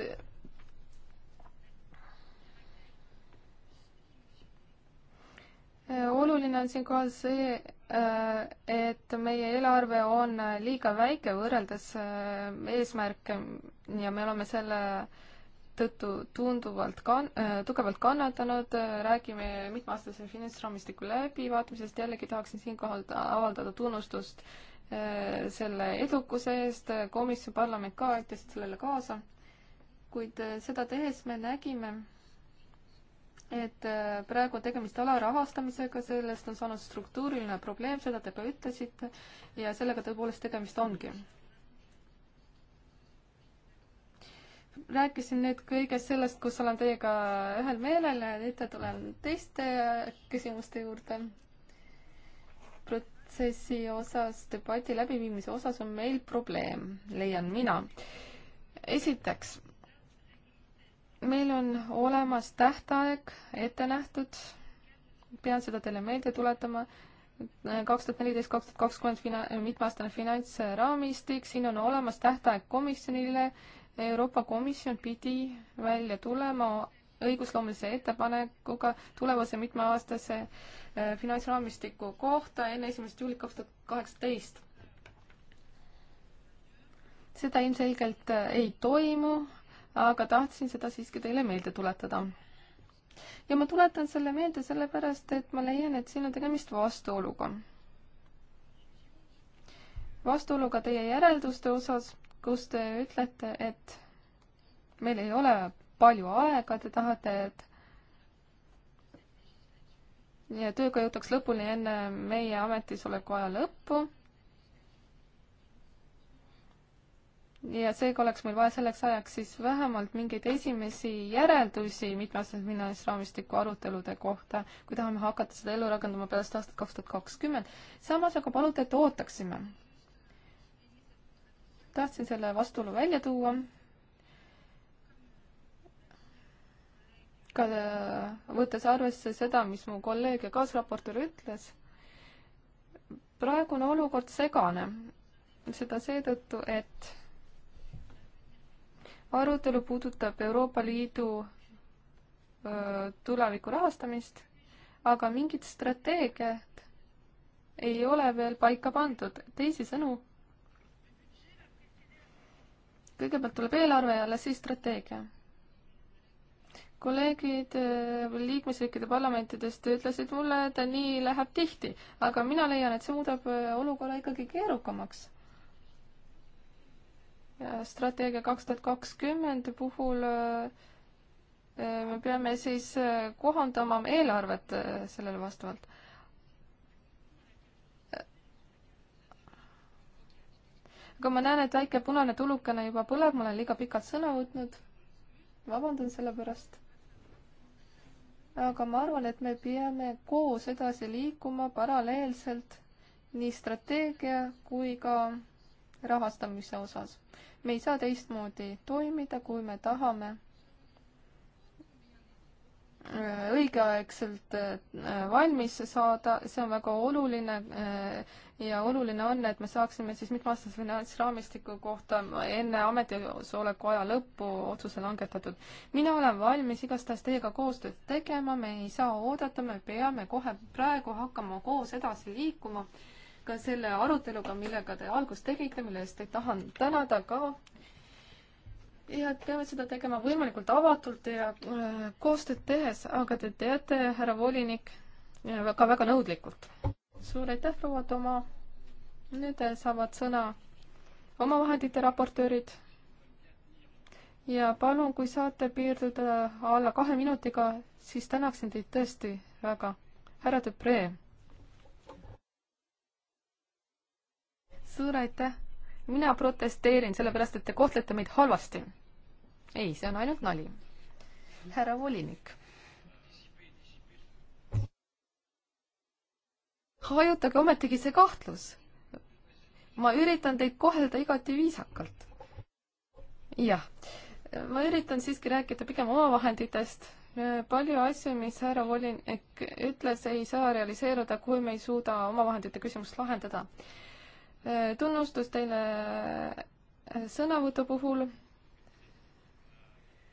Äh, oluline on siinkohal see, äh, et meie eelarve on liiga väike võrreldes eesmärke ja me oleme selle tõttu tunduvalt kan-, tugevalt kannatanud, räägime mitmeaastase finantsraamistiku läbivaatamisest, jällegi tahaksin siinkohal avaldada tunnustust äh, Äh, selle edukuse eest, äh, komisjon, parlament ka aitasid sellele kaasa, kuid äh, seda tehes me nägime, et praegu on tegemist alarahastamisega, sellest on saanud struktuuriline probleem, seda te ka ütlesite, ja sellega tõepoolest tegemist ongi. rääkisin nüüd kõigest sellest, kus olen teiega ühel meelel ja nüüd tulen teiste küsimuste juurde protsessi osas, debati läbiviimise osas on meil probleem, leian mina. esiteks, meil on olemas tähtaeg ette nähtud, pean seda teile meelde tuletama, kaks tuhat neliteist, kaks tuhat kakskümmend fina-, mitmeaastane finantsraamistik, siin on olemas tähtaeg komisjonile, Euroopa Komisjon pidi välja tulema õigusloomelise ettepanekuga tulevase mitmeaastase äh, finantsraamistiku kohta enne esimest juulit kaks tuhat kaheksateist. seda ilmselgelt äh, ei toimu, aga tahtsin seda siiski teile meelde tuletada. ja ma tuletan selle meelde sellepärast, et ma leian, et siin on tegemist vastuoluga. vastuoluga teie järelduste osas, kus te ütlete, et meil ei ole palju aega, te tahate, et ja tööga jõutaks lõpuni enne meie ametisoleku aja lõppu. ja seega oleks meil vaja selleks ajaks siis vähemalt mingeid esimesi järeldusi mitmeaastase finantsraamistiku arutelude kohta, kui tahame hakata seda ellu rakendama pärast aastat kaks tuhat kakskümmend. samas aga paluti, et ootaksime tahtsin selle vastuolu välja tuua, ka äh, võttes arvesse seda, mis mu kolleeg ja kaasraportöör ütles, praegune olukord segane. seda seetõttu, et arutelu puudutab Euroopa Liidu äh, tuleviku rahastamist, aga mingit strateegiat ei ole veel paika pandud. teisisõnu, kõigepealt tuleb eelarve ja alles siis strateegia kolleegid äh, liikmesriikide parlamentidest ütlesid mulle, et nii läheb tihti, aga mina leian, et see muudab äh, olukorra ikkagi keerukamaks. strateegia kaks tuhat kakskümmend puhul äh, me peame siis kohandama eelarvet sellele vastavalt. aga ma näen, et väike punane tulukene juba põleb, ma olen liiga pikalt sõna võtnud. vabandan selle pärast aga ma arvan, et me peame koos edasi liikuma paralleelselt nii strateegia kui ka rahastamise osas. me ei saa teistmoodi toimida, kui me tahame Äh, õigeaegselt äh, valmis saada, see on väga oluline äh, ja oluline on, et me saaksime siis mitmeaastase finantsraamistiku kohta enne ametisoleku aja lõppu otsuse langetatud. mina olen valmis igastahes teiega koostööd tegema, me ei saa oodata, me peame kohe praegu hakkama koos edasi liikuma ka selle aruteluga, millega te algust tegite, mille eest teid tahan tänada ka ja peame seda tegema võimalikult avatult ja äh, koostööd tehes, aga te teate, härra volinik, äh, ka väga nõudlikult. suur aitäh, proua Toma. nüüd äh, saavad sõna omavahendite raportöörid. ja palun, kui saate piirduda alla kahe minutiga, siis tänaksin teid tõesti väga. härra Depree. suur aitäh mina protesteerin, sellepärast et te kohtlete meid halvasti ei, see on ainult nali. härra volinik. hajutage ometigi see kahtlus. ma üritan teid kohelda igati viisakalt. jah, ma üritan siiski rääkida pigem omavahenditest. palju asju, mis härra volinik ütles, ei saa realiseeruda, kui me ei suuda omavahendite küsimust lahendada. tunnustus teile sõnavõtu puhul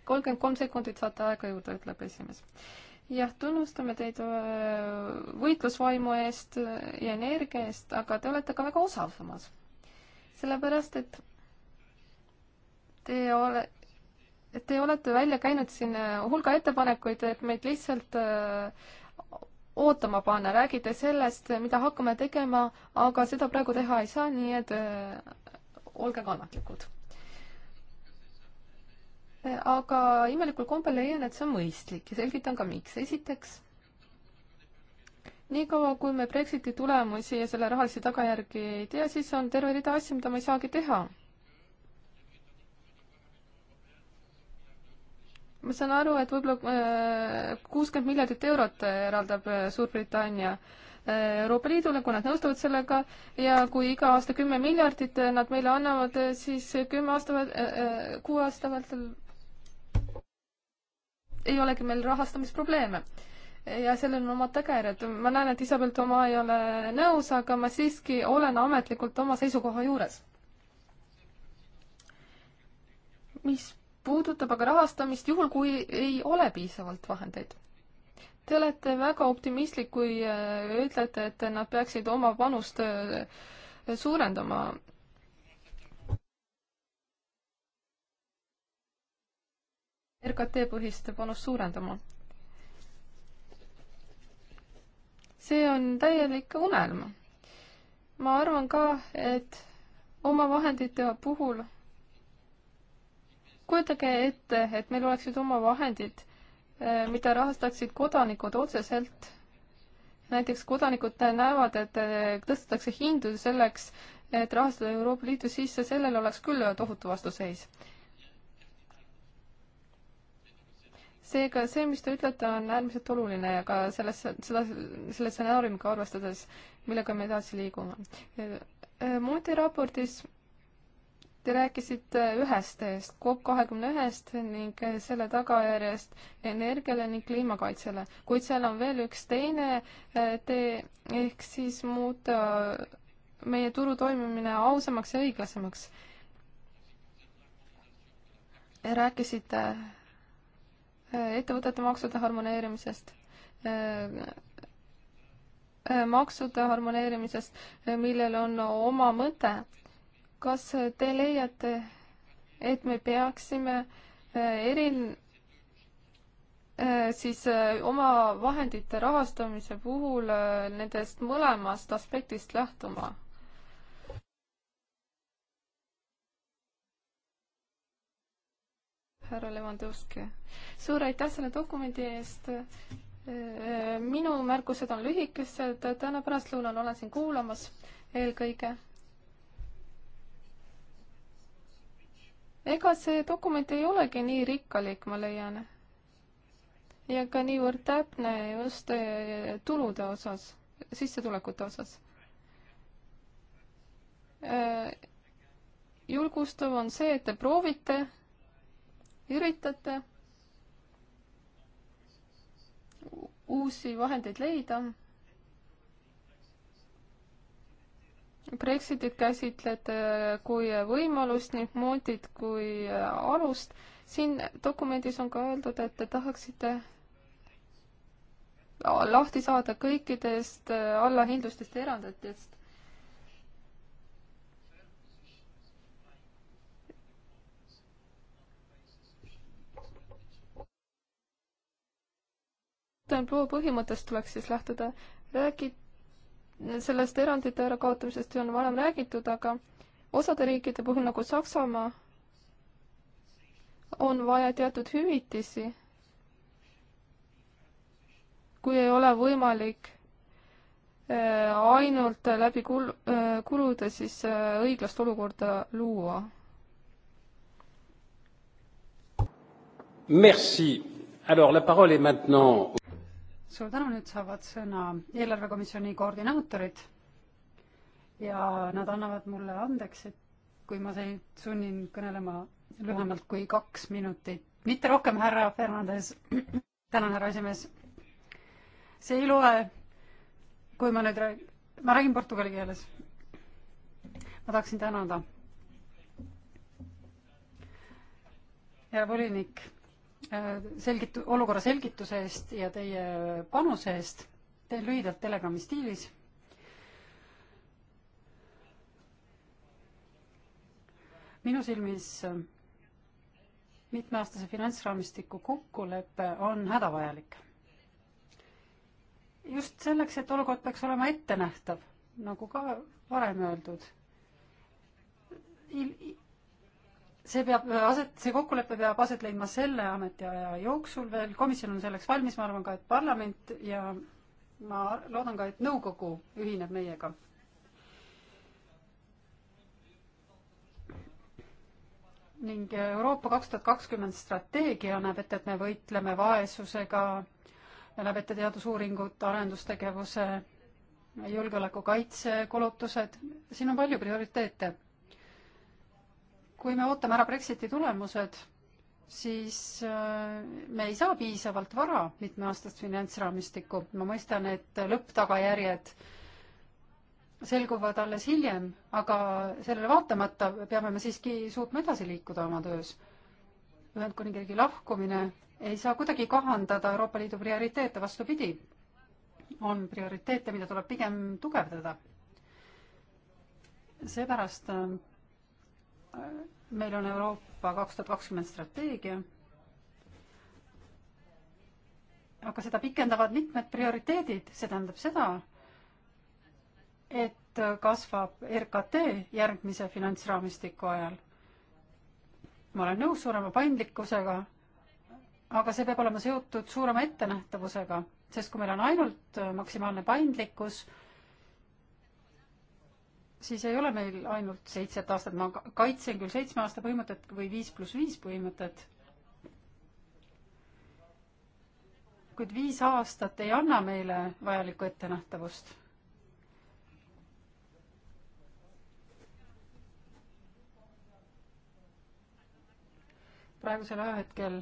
kolmkümmend kolm sekundit saate aega juurde, ütleb esimees. jah, tunnustame teid äh, võitlusvaimu eest ja energia eest, aga te olete ka väga osav samas. sellepärast, et te ole, te olete välja käinud siin äh, hulga ettepanekuid, et meid lihtsalt äh, ootama panna, räägite sellest, mida hakkame tegema, aga seda praegu teha ei saa, nii et olge kannatlikud aga imelikul kombel leian, et see on mõistlik ja selgitan ka, miks. esiteks, niikaua kui me Brexiti tulemusi ja selle rahalisi tagajärgi ei tea, siis on terve rida asju, mida me ei saagi teha. ma saan aru, et võib-olla äh, kuuskümmend miljardit eurot eraldab äh, Suurbritannia äh, Euroopa Liidule, kui nad nõustuvad sellega ja kui iga aasta kümme miljardit nad meile annavad, siis kümme aasta, kuue aasta vältel ei olegi meil rahastamisprobleeme. ja sellel on omad tagajärjed. ma näen, et Isabelt oma ei ole nõus, aga ma siiski olen ametlikult oma seisukoha juures. mis puudutab aga rahastamist, juhul kui ei ole piisavalt vahendeid Te olete väga optimistlik, kui äh, ütlete, et nad peaksid oma panust äh, suurendama. RKT-põhist panust suurendama. see on täielik unelm. ma arvan ka, et oma vahendite puhul kujutage ette, et meil oleksid oma vahendid, mida rahastaksid kodanikud otseselt. näiteks kodanikud näevad, et tõstetakse hindu selleks, et rahastada Euroopa Liitu sisse, sellel oleks küll tohutu vastuseis. seega see, mis te ütlete, on äärmiselt oluline ja ka selles, seda, selle stsenaariumiga arvestades, millega me edasi liigume. Monti raportis te rääkisite ühest teest, COP kahekümne ühest ning selle tagajärjest energiale ning kliimakaitsele, kuid seal on veel üks teine tee, ehk siis muuta meie turu toimimine ausamaks ja õiglasemaks. rääkisite ettevõtete maksude harmoneerimisest, äh, maksude harmoneerimisest, millel on oma mõte. kas te leiate, et me peaksime äh, eri-, äh, siis oma vahendite rahastamise puhul nendest mõlemast aspektist lähtuma? härra Levandovski. suur aitäh selle dokumendi eest. Äh, äh, minu märkused on lühikesed, täna pärastlõunal olen siin kuulamas eelkõige. ega see dokument ei olegi nii rikkalik, ma leian. ja ka niivõrd täpne just äh, tulude osas, sissetulekute osas julgustav on see, et te proovite üritate uusi vahendeid leida. Brexitit käsitlete äh, kui võimalust ning moodid kui äh, alust. siin dokumendis on ka öeldud, et te tahaksite äh, lahti saada kõikidest allahindlustest ja eranditest. Fontainebleau põhimõttest tuleks siis lähtuda. räägi-, sellest erandite ärakaotamisest on varem räägitud, aga osade riikide puhul, nagu Saksamaa, on vaja teatud hüvitisi, kui ei ole võimalik äh, ainult läbi kul-, äh, kulude siis äh, õiglast olukorda luua. Merci. Alors la parole est maintenant suur tänu, nüüd saavad sõna eelarvekomisjoni koordinaatorid ja nad annavad mulle andeks, et kui ma teid sunnin kõnelema lühemalt kui kaks minutit, mitte rohkem, härra Fernandes. tänan, härra esimees. see ei loe, kui ma nüüd räägin, ma räägin portugali keeles. ma tahaksin tänada. härra volinik Äh, selgitu-, olukorra selgituse eest ja teie panuse eest. teen lühidalt Telegrami stiilis. minu silmis äh, mitmeaastase finantsraamistiku kokkulepe on hädavajalik. just selleks, et olukord peaks olema ettenähtav, nagu ka varem öeldud Il see peab aset, see kokkulepe peab aset leidma selle ametiaja jooksul veel, komisjon on selleks valmis, ma arvan ka, et parlament ja ma loodan ka, et nõukogu ühineb meiega. ning Euroopa kaks tuhat kakskümmend strateegia näeb ette, et me võitleme vaesusega, näeb ette teadusuuringud, arendustegevuse, julgeolekukaitse, kulutused, siin on palju prioriteete kui me ootame ära Brexiti tulemused, siis äh, me ei saa piisavalt vara mitmeaastast finantsraamistikku. ma mõistan, et lõpptagajärjed selguvad alles hiljem, aga sellele vaatamata peame me siiski suutma edasi liikuda oma töös. Ühendkuningriigi lahkumine ei saa kuidagi kahandada Euroopa Liidu prioriteete, vastupidi, on prioriteete, mida tuleb pigem tugevdada. seepärast äh, meil on Euroopa kaks tuhat kakskümmend strateegia, aga seda pikendavad mitmed prioriteedid, see tähendab seda, et kasvab RKT järgmise finantsraamistiku ajal. ma olen nõus suurema paindlikkusega, aga see peab olema seotud suurema ettenähtavusega, sest kui meil on ainult maksimaalne paindlikkus, siis ei ole meil ainult seitset aastat, ma kaitsen küll seitsme aasta põhimõtet või viis pluss viis põhimõtet, kuid viis aastat ei anna meile vajalikku ettenähtavust. praegusel ajahetkel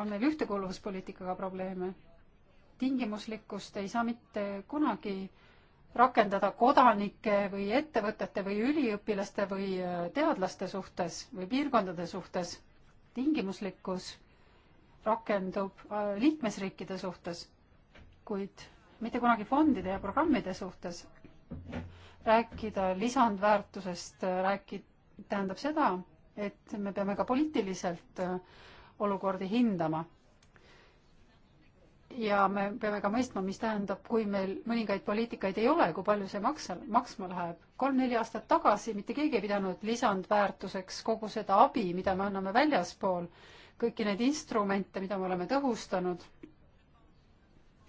on meil ühtekuuluvuspoliitikaga probleeme. tingimuslikkust ei saa mitte kunagi rakendada kodanike või ettevõtete või üliõpilaste või äh, teadlaste suhtes või piirkondade suhtes. tingimuslikkus rakendub äh, liikmesriikide suhtes, kuid mitte kunagi fondide ja programmide suhtes. rääkida lisandväärtusest, äh, rääki-, tähendab seda, et me peame ka poliitiliselt olukordi hindama ja me peame ka mõistma, mis tähendab, kui meil mõningaid poliitikaid ei ole, kui palju see maksa, maksma läheb. kolm-neli aastat tagasi mitte keegi ei pidanud lisandväärtuseks kogu seda abi, mida me anname väljaspool, kõiki neid instrumente, mida me oleme tõhustanud,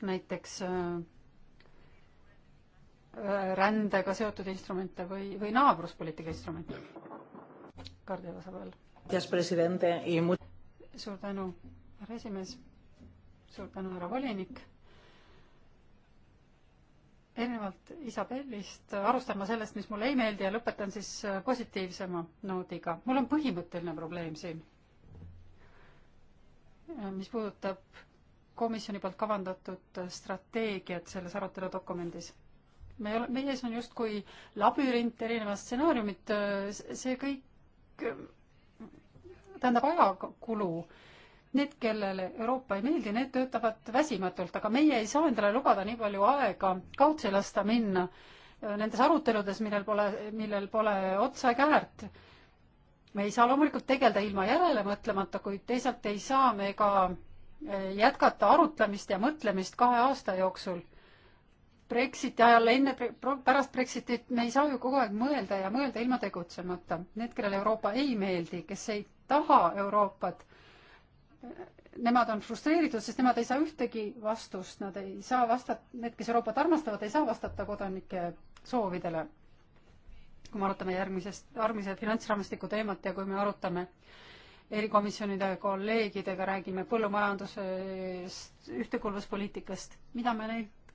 näiteks äh, äh, rändega seotud instrumente või, või naabruspoliitika instrumente. Kardi Vasapõll. suur tänu, härra esimees suur tänu, härra volinik. erinevalt Isabellist alustan ma sellest, mis mulle ei meeldi ja lõpetan siis äh, positiivsema noodiga. mul on põhimõtteline probleem siin, äh, mis puudutab komisjoni poolt kavandatud äh, strateegiat selles aruteludokumendis. me ole, meie ees on justkui labürint, erinevad stsenaariumid, see kõik tähendab ajakulu Need, kellele Euroopa ei meeldi, need töötavad väsimatult, aga meie ei saa endale lubada nii palju aega kaudse lasta minna äh, nendes aruteludes, millel pole, millel pole otsa ega äärt. me ei saa loomulikult tegeleda ilma järele mõtlemata, kuid teisalt ei saa me ka äh, jätkata arutlemist ja mõtlemist kahe aasta jooksul Brexiti ajal, enne, pärast Brexitit me ei saa ju kogu aeg mõelda ja mõelda ilma tegutsemata. Need, kellele Euroopa ei meeldi, kes ei taha Euroopat, nemad on frustreeritud, sest nemad ei saa ühtegi vastust, nad ei saa vastata, need, kes Euroopat armastavad, ei saa vastata kodanike soovidele. kui me arutame järgmisest, järgmise finantsraamistiku teemat ja kui me arutame erikomisjonide kolleegidega, räägime põllumajandusest, ühtekuuluvuspoliitikast, mida me neilt,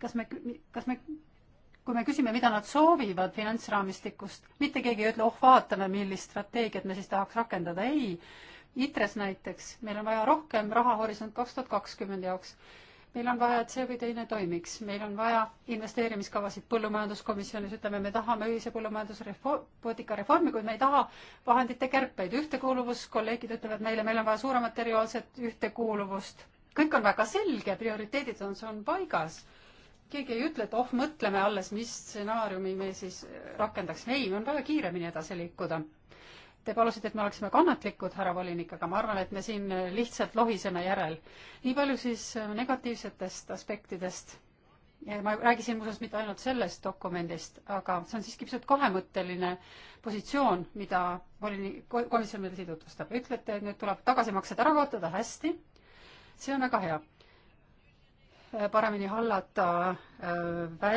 kas me, kas me, kui me küsime, mida nad soovivad finantsraamistikust, mitte keegi ei ütle, oh vaatame, millist strateegiat me siis tahaks rakendada, ei ITRES näiteks, meil on vaja rohkem raha Horisont kaks tuhat kakskümmend jaoks. meil on vaja, et see või teine toimiks, meil on vaja investeerimiskavasid põllumajanduskomisjonis, ütleme, me tahame ühise põllumajanduspoliitika reformi, kuid me ei taha vahendite kärpeid. ühtekuuluvus, kolleegid ütlevad meile, meil on vaja suuremat terriaalset ühtekuuluvust. kõik on väga selge, prioriteedid on, see on paigas keegi ei ütle, et oh, mõtleme alles, mis stsenaariumi me siis rakendaks. ei, on vaja kiiremini edasi liikuda Te palusite, et me oleksime kannatlikud, härra volinik, aga ma arvan, et me siin lihtsalt lohiseme järel. nii palju siis äh, negatiivsetest aspektidest. ma räägisin muuseas mitte ainult sellest dokumendist, aga see on siiski pisut kahemõtteline positsioon, mida volinik, komisjon meile siin tutvustab. ütlete, et nüüd tuleb tagasimaksed ära kaotada, hästi. see on väga hea äh, paremini hallata äh,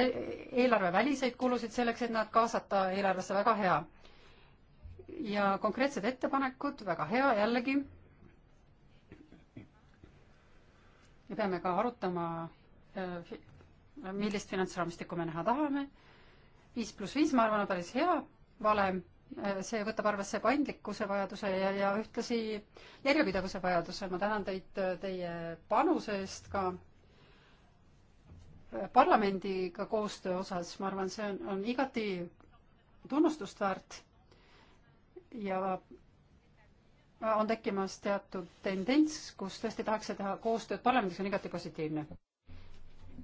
eelarveväliseid kulusid selleks, et nad kaasata eelarvesse, väga hea ja konkreetsed ettepanekud, väga hea jällegi. me peame ka arutama, äh, millist finantsraamistikku me näha tahame. viis pluss viis, ma arvan, on päris hea valem. Äh, see võtab arvesse paindlikkuse vajaduse ja, ja ühtlasi järjepidevuse vajaduse. ma tänan teid äh, teie panuse eest ka parlamendiga koostöö osas. ma arvan, see on, on igati tunnustust väärt ja on tekkimas teatud tendents, kus tõesti tahaks teha koostööd parlamendis, on igati positiivne.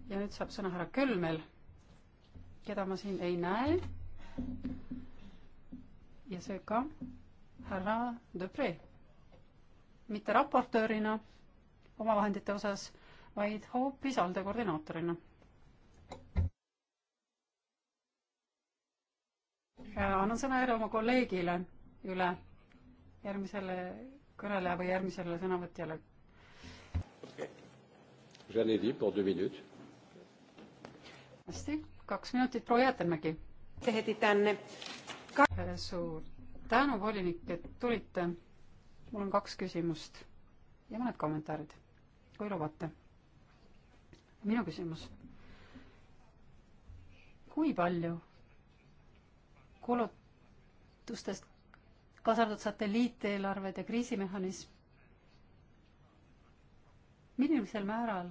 ja nüüd saab sõna härra Kölmel, keda ma siin ei näe. ja seega härra Dupre, mitte raportöörina omavahendite osas, vaid hoopis ALDE koordinaatorina. annan sõna jälle oma kolleegile üle järgmisele kõneleja või järgmisele sõnavõtjale okay.. hästi, kaks minutit, proua Jäätemägi. Äh, suur tänu, volinik, et tulite. mul on kaks küsimust ja mõned kommentaarid, kui lubate. minu küsimus. kui palju kulutustest kaasa arvatud satelliiteelarved ja kriisimehhanism. millisel määral,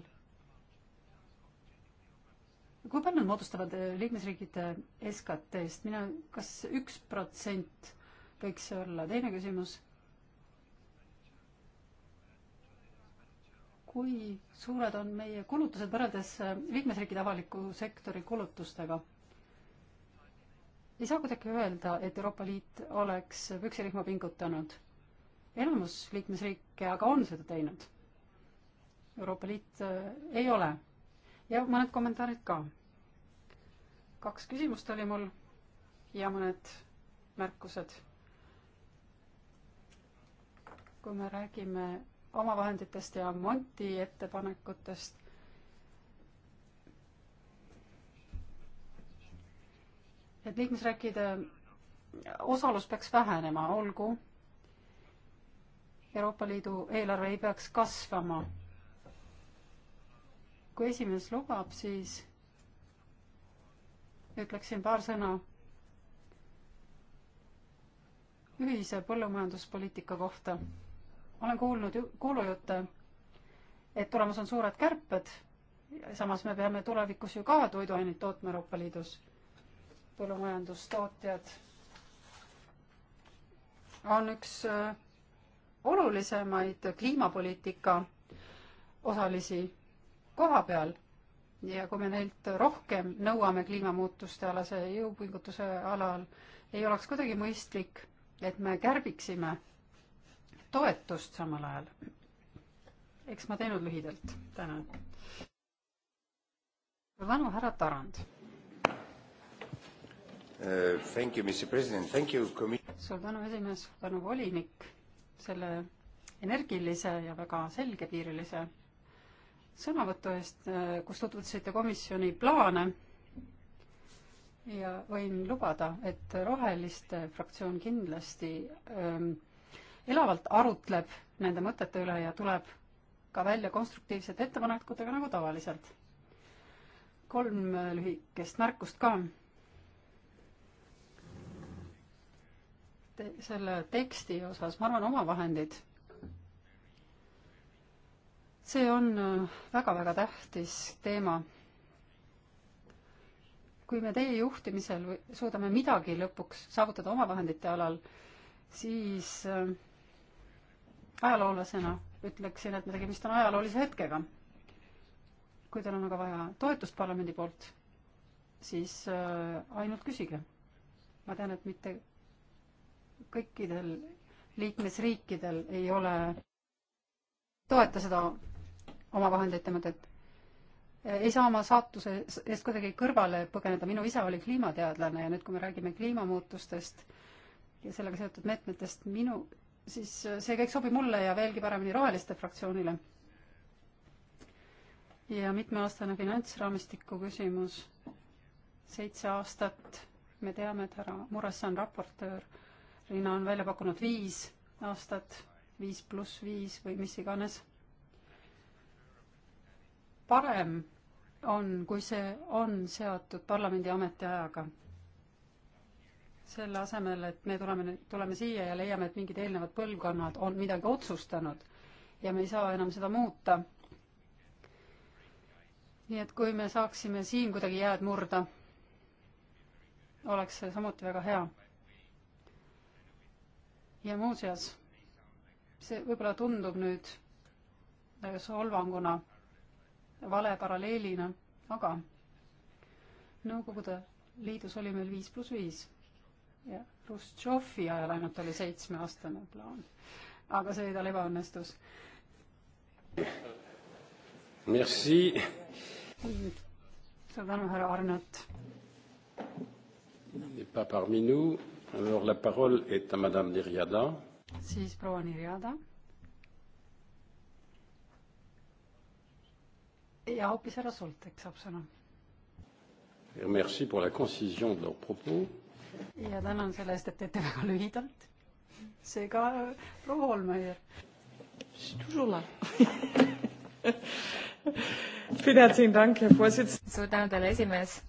kui palju nad moodustavad äh, liikmesriikide SKT-st, mina, kas üks protsent võiks see olla, teine küsimus kui suured on meie kulutused võrreldes äh, liikmesriikide avaliku sektori kulutustega? ei saa kuidagi öelda, et Euroopa Liit oleks püksirihma pingutanud. enamus liikmesriike aga on seda teinud. Euroopa Liit äh, ei ole. ja mõned kommentaarid ka. kaks küsimust oli mul ja mõned märkused. kui me räägime omavahenditest ja Monti ettepanekutest, et liikmesriikide osalus peaks vähenema, olgu Euroopa Liidu eelarve ei peaks kasvama. kui esimees lubab, siis ütleksin paar sõna ühise põllumajanduspoliitika kohta. olen kuulnud kuulujutte, et tulemas on suured kärped, samas me peame tulevikus ju ka toiduaineid tootma Euroopa Liidus põllumajandustootjad on üks äh, olulisemaid kliimapoliitika osalisi koha peal ja kui me neilt rohkem nõuame kliimamuutuste alase jõupingutuse alal, ei oleks kuidagi mõistlik, et me kärbiksime toetust samal ajal. eks ma teinud lühidalt, tänan. Vanu härra Tarand Uh, suur tänu, esimees, suur tänu, volinik, selle energilise ja väga selgepiirilise sõnavõtu eest, uh, kus tutvustasite komisjoni plaane ja võin lubada, et Roheliste fraktsioon kindlasti ähm, elavalt arutleb nende mõtete üle ja tuleb ka välja konstruktiivsete ettepanekutega, nagu tavaliselt. kolm lühikest märkust ka te, selle teksti osas, ma arvan, omavahendid, see on äh, väga-väga tähtis teema. kui me teie juhtimisel suudame midagi lõpuks saavutada omavahendite alal, siis äh, ajaloolasena ütleksin, et me tegemist on ajaloolise hetkega. kui teil on aga vaja toetust parlamendi poolt, siis äh, ainult küsige. ma tean, et mitte kõikidel liikmesriikidel ei ole, toeta seda omavahendite mõtet. ei saa oma saatuse eest kuidagi kõrvale põgeneda, minu isa oli kliimateadlane ja nüüd, kui me räägime kliimamuutustest ja sellega seotud meetmetest, minu, siis see kõik sobib mulle ja veelgi paremini Roheliste fraktsioonile. ja mitmeaastane finantsraamistiku küsimus, seitse aastat, me teame, et härra Murras on raportöör Riina on välja pakkunud viis aastat, viis pluss viis või mis iganes. parem on, kui see on seotud parlamendi ametiajaga. selle asemel, et me tuleme, tuleme siia ja leiame, et mingid eelnevad põlvkonnad on midagi otsustanud ja me ei saa enam seda muuta. nii et kui me saaksime siin kuidagi jääd murda, oleks see samuti väga hea ja muuseas, see võib-olla tundub nüüd solvanguna, vale paralleelina, aga Nõukogude Liidus oli meil viis pluss viis ja Hruštšovi ajal ainult oli seitsmeaastane plaan, aga see tal ebaõnnestus. Merci. suur tänu, härra Arnet. Il n'est pas parmi nous. Alors la parole est à madame Niriada. siis proua Niriada. ja hoopis härra Soltek saab sõna. Merci pour la concision de leurs propos. ja tänan selle eest, et teete väga lühidalt. seega proua Holmeier. suur tänu teile, esimees.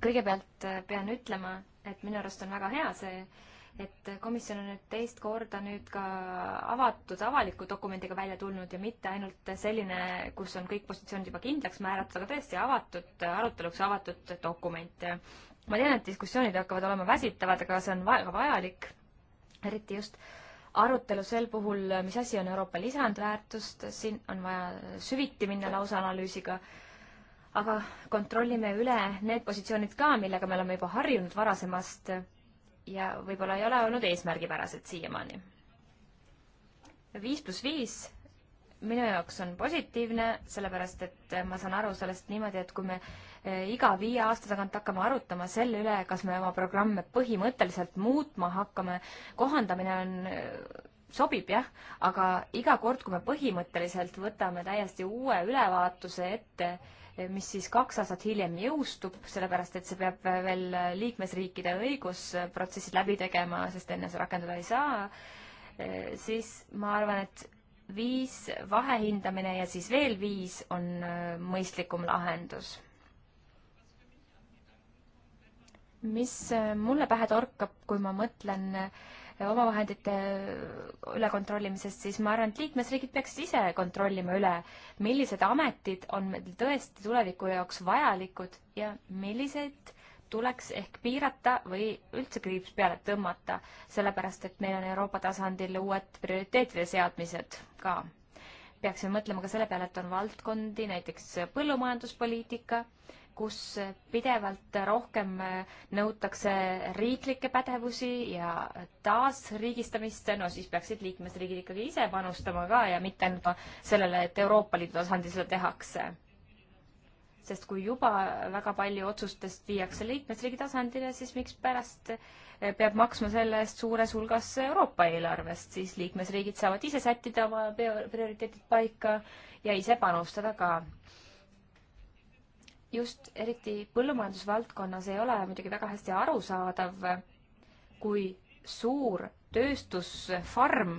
kõigepealt äh, pean ütlema et minu arust on väga hea see, et komisjon on nüüd teist korda nüüd ka avatud avaliku dokumendiga välja tulnud ja mitte ainult selline, kus on kõik positsioonid juba kindlaks määratud, aga tõesti avatud, aruteluks avatud dokument. ma tean, et diskussioonid hakkavad olema väsitavad, aga see on väga vajalik, eriti just arutelu sel puhul, mis asi on Euroopa lisandväärtust, siin on vaja süviti minna lausa analüüsiga aga kontrollime üle need positsioonid ka, millega me oleme juba harjunud varasemast ja võib-olla ei ole olnud eesmärgipärased siiamaani. viis pluss viis minu jaoks on positiivne, sellepärast et ma saan aru sellest niimoodi, et kui me eh, iga viie aasta tagant hakkame arutama selle üle, kas me oma programme põhimõtteliselt muutma hakkame, kohandamine on, eh, sobib jah, aga iga kord, kui me põhimõtteliselt võtame täiesti uue ülevaatuse ette, mis siis kaks aastat hiljem jõustub, sellepärast et see peab veel liikmesriikide õigusprotsessid läbi tegema, sest enne see rakendada ei saa, eh, siis ma arvan, et viis vahehindamine ja siis veel viis on eh, mõistlikum lahendus mis eh, mulle pähe torkab, kui ma mõtlen äh, Äh, omavahendite äh, ülekontrollimisest, siis ma arvan, et liikmesriigid peaksid ise kontrollima üle, millised ametid on meil tõesti tuleviku jaoks vajalikud ja milliseid tuleks ehk piirata või üldse kriips peale tõmmata, sellepärast et meil on Euroopa tasandil uued prioriteetide seadmised ka. peaksime mõtlema ka selle peale, et on valdkondi, näiteks põllumajanduspoliitika, kus pidevalt rohkem nõutakse riiklikke pädevusi ja taasriigistamist, no siis peaksid liikmesriigid ikkagi ise panustama ka ja mitte ainult sellele, et Euroopa Liidu tasandil seda tehakse sest kui juba väga palju otsustest viiakse liikmesriigi tasandile, siis mikspärast peab maksma selle eest suures hulgas Euroopa eelarvest, siis liikmesriigid saavad ise sättida oma prioriteedid paika ja ise panustada ka just eriti põllumajandusvaldkonnas ei ole muidugi väga hästi arusaadav, kui suur tööstusfarm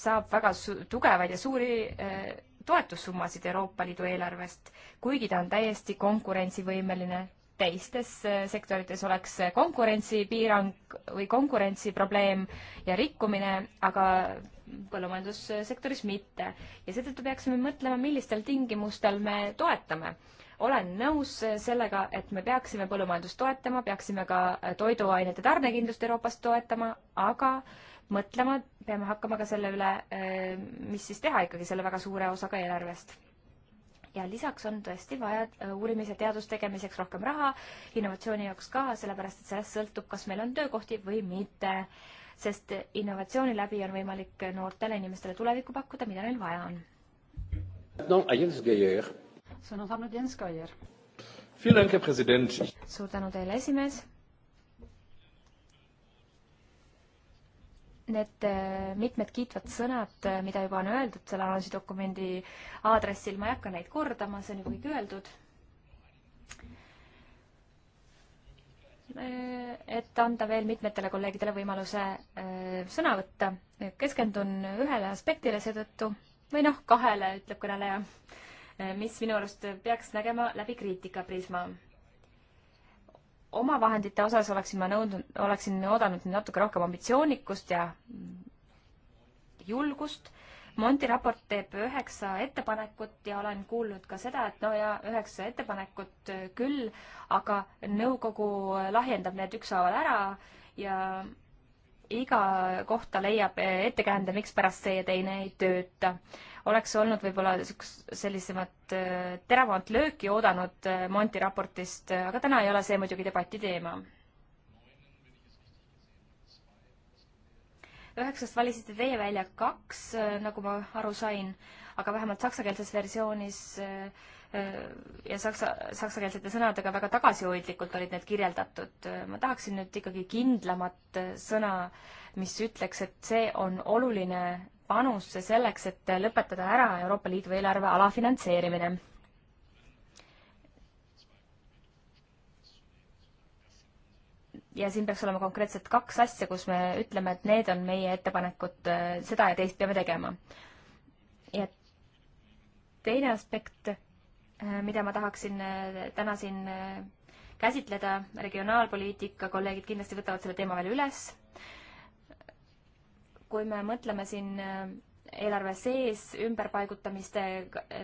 saab väga tugevaid ja suuri äh, toetussummasid Euroopa Liidu eelarvest, kuigi ta on täiesti konkurentsivõimeline. teistes äh, sektorites oleks konkurentsipiirang või konkurentsiprobleem ja rikkumine, aga põllumajandussektoris mitte. ja seetõttu peaksime mõtlema, millistel tingimustel me toetame. olen nõus sellega, et me peaksime põllumajandust toetama, peaksime ka toiduainete tarnekindlust Euroopas toetama, aga mõtlema peame hakkama ka selle üle, eh, mis siis teha ikkagi selle väga suure osaga eelarvest ja lisaks on tõesti vaja eh, uurimise ja teadustegemiseks rohkem raha, innovatsiooni jaoks ka, sellepärast et sellest sõltub, kas meil on töökohti või mitte sest innovatsiooni läbi on võimalik noortele inimestele tulevikku pakkuda, mida neil vaja on. no, Jens Geier. sõna saab nüüd Jens Geier. suur tänu teile, esimees need äh, mitmed kiitvad sõnad, äh, mida juba on öeldud selle analüüsidokumendi aadressil, ma ei hakka neid kordama, see on ju kõik öeldud Äh, et anda veel mitmetele kolleegidele võimaluse äh, sõna võtta. keskendun ühele aspektile seetõttu või noh, kahele, ütleb kõneleja, äh, mis minu arust peaks nägema läbi kriitikaprisma. omavahendite osas oleksin ma nõudnud, oleksin oodanud natuke rohkem ambitsioonikust ja julgust Monti raport teeb üheksa ettepanekut ja olen kuulnud ka seda, et no ja üheksa ettepanekut äh, küll, aga nõukogu lahjendab need ükshaaval ära ja iga kohta leiab äh, ettekäände, mikspärast see ja teine ei tööta. oleks olnud võib-olla sellisemat äh, teravamat lööki oodanud Monti raportist, aga täna ei ole see muidugi debati teema üheksast valisite teie välja kaks, äh, nagu ma aru sain, aga vähemalt saksakeelses versioonis äh, äh, ja saksa, saksakeelsete sõnadega väga tagasihoidlikult olid need kirjeldatud. ma tahaksin nüüd ikkagi kindlamat sõna, mis ütleks, et see on oluline panus selleks, et lõpetada ära Euroopa Liidu eelarve alafinantseerimine ja siin peaks olema konkreetselt kaks asja, kus me ütleme, et need on meie ettepanekud, äh, seda ja teist peame tegema. ja teine aspekt, äh, mida ma tahaksin äh, täna siin käsitleda, regionaalpoliitika, kolleegid kindlasti võtavad selle teema veel üles. kui me mõtleme siin eelarve sees ümberpaigutamiste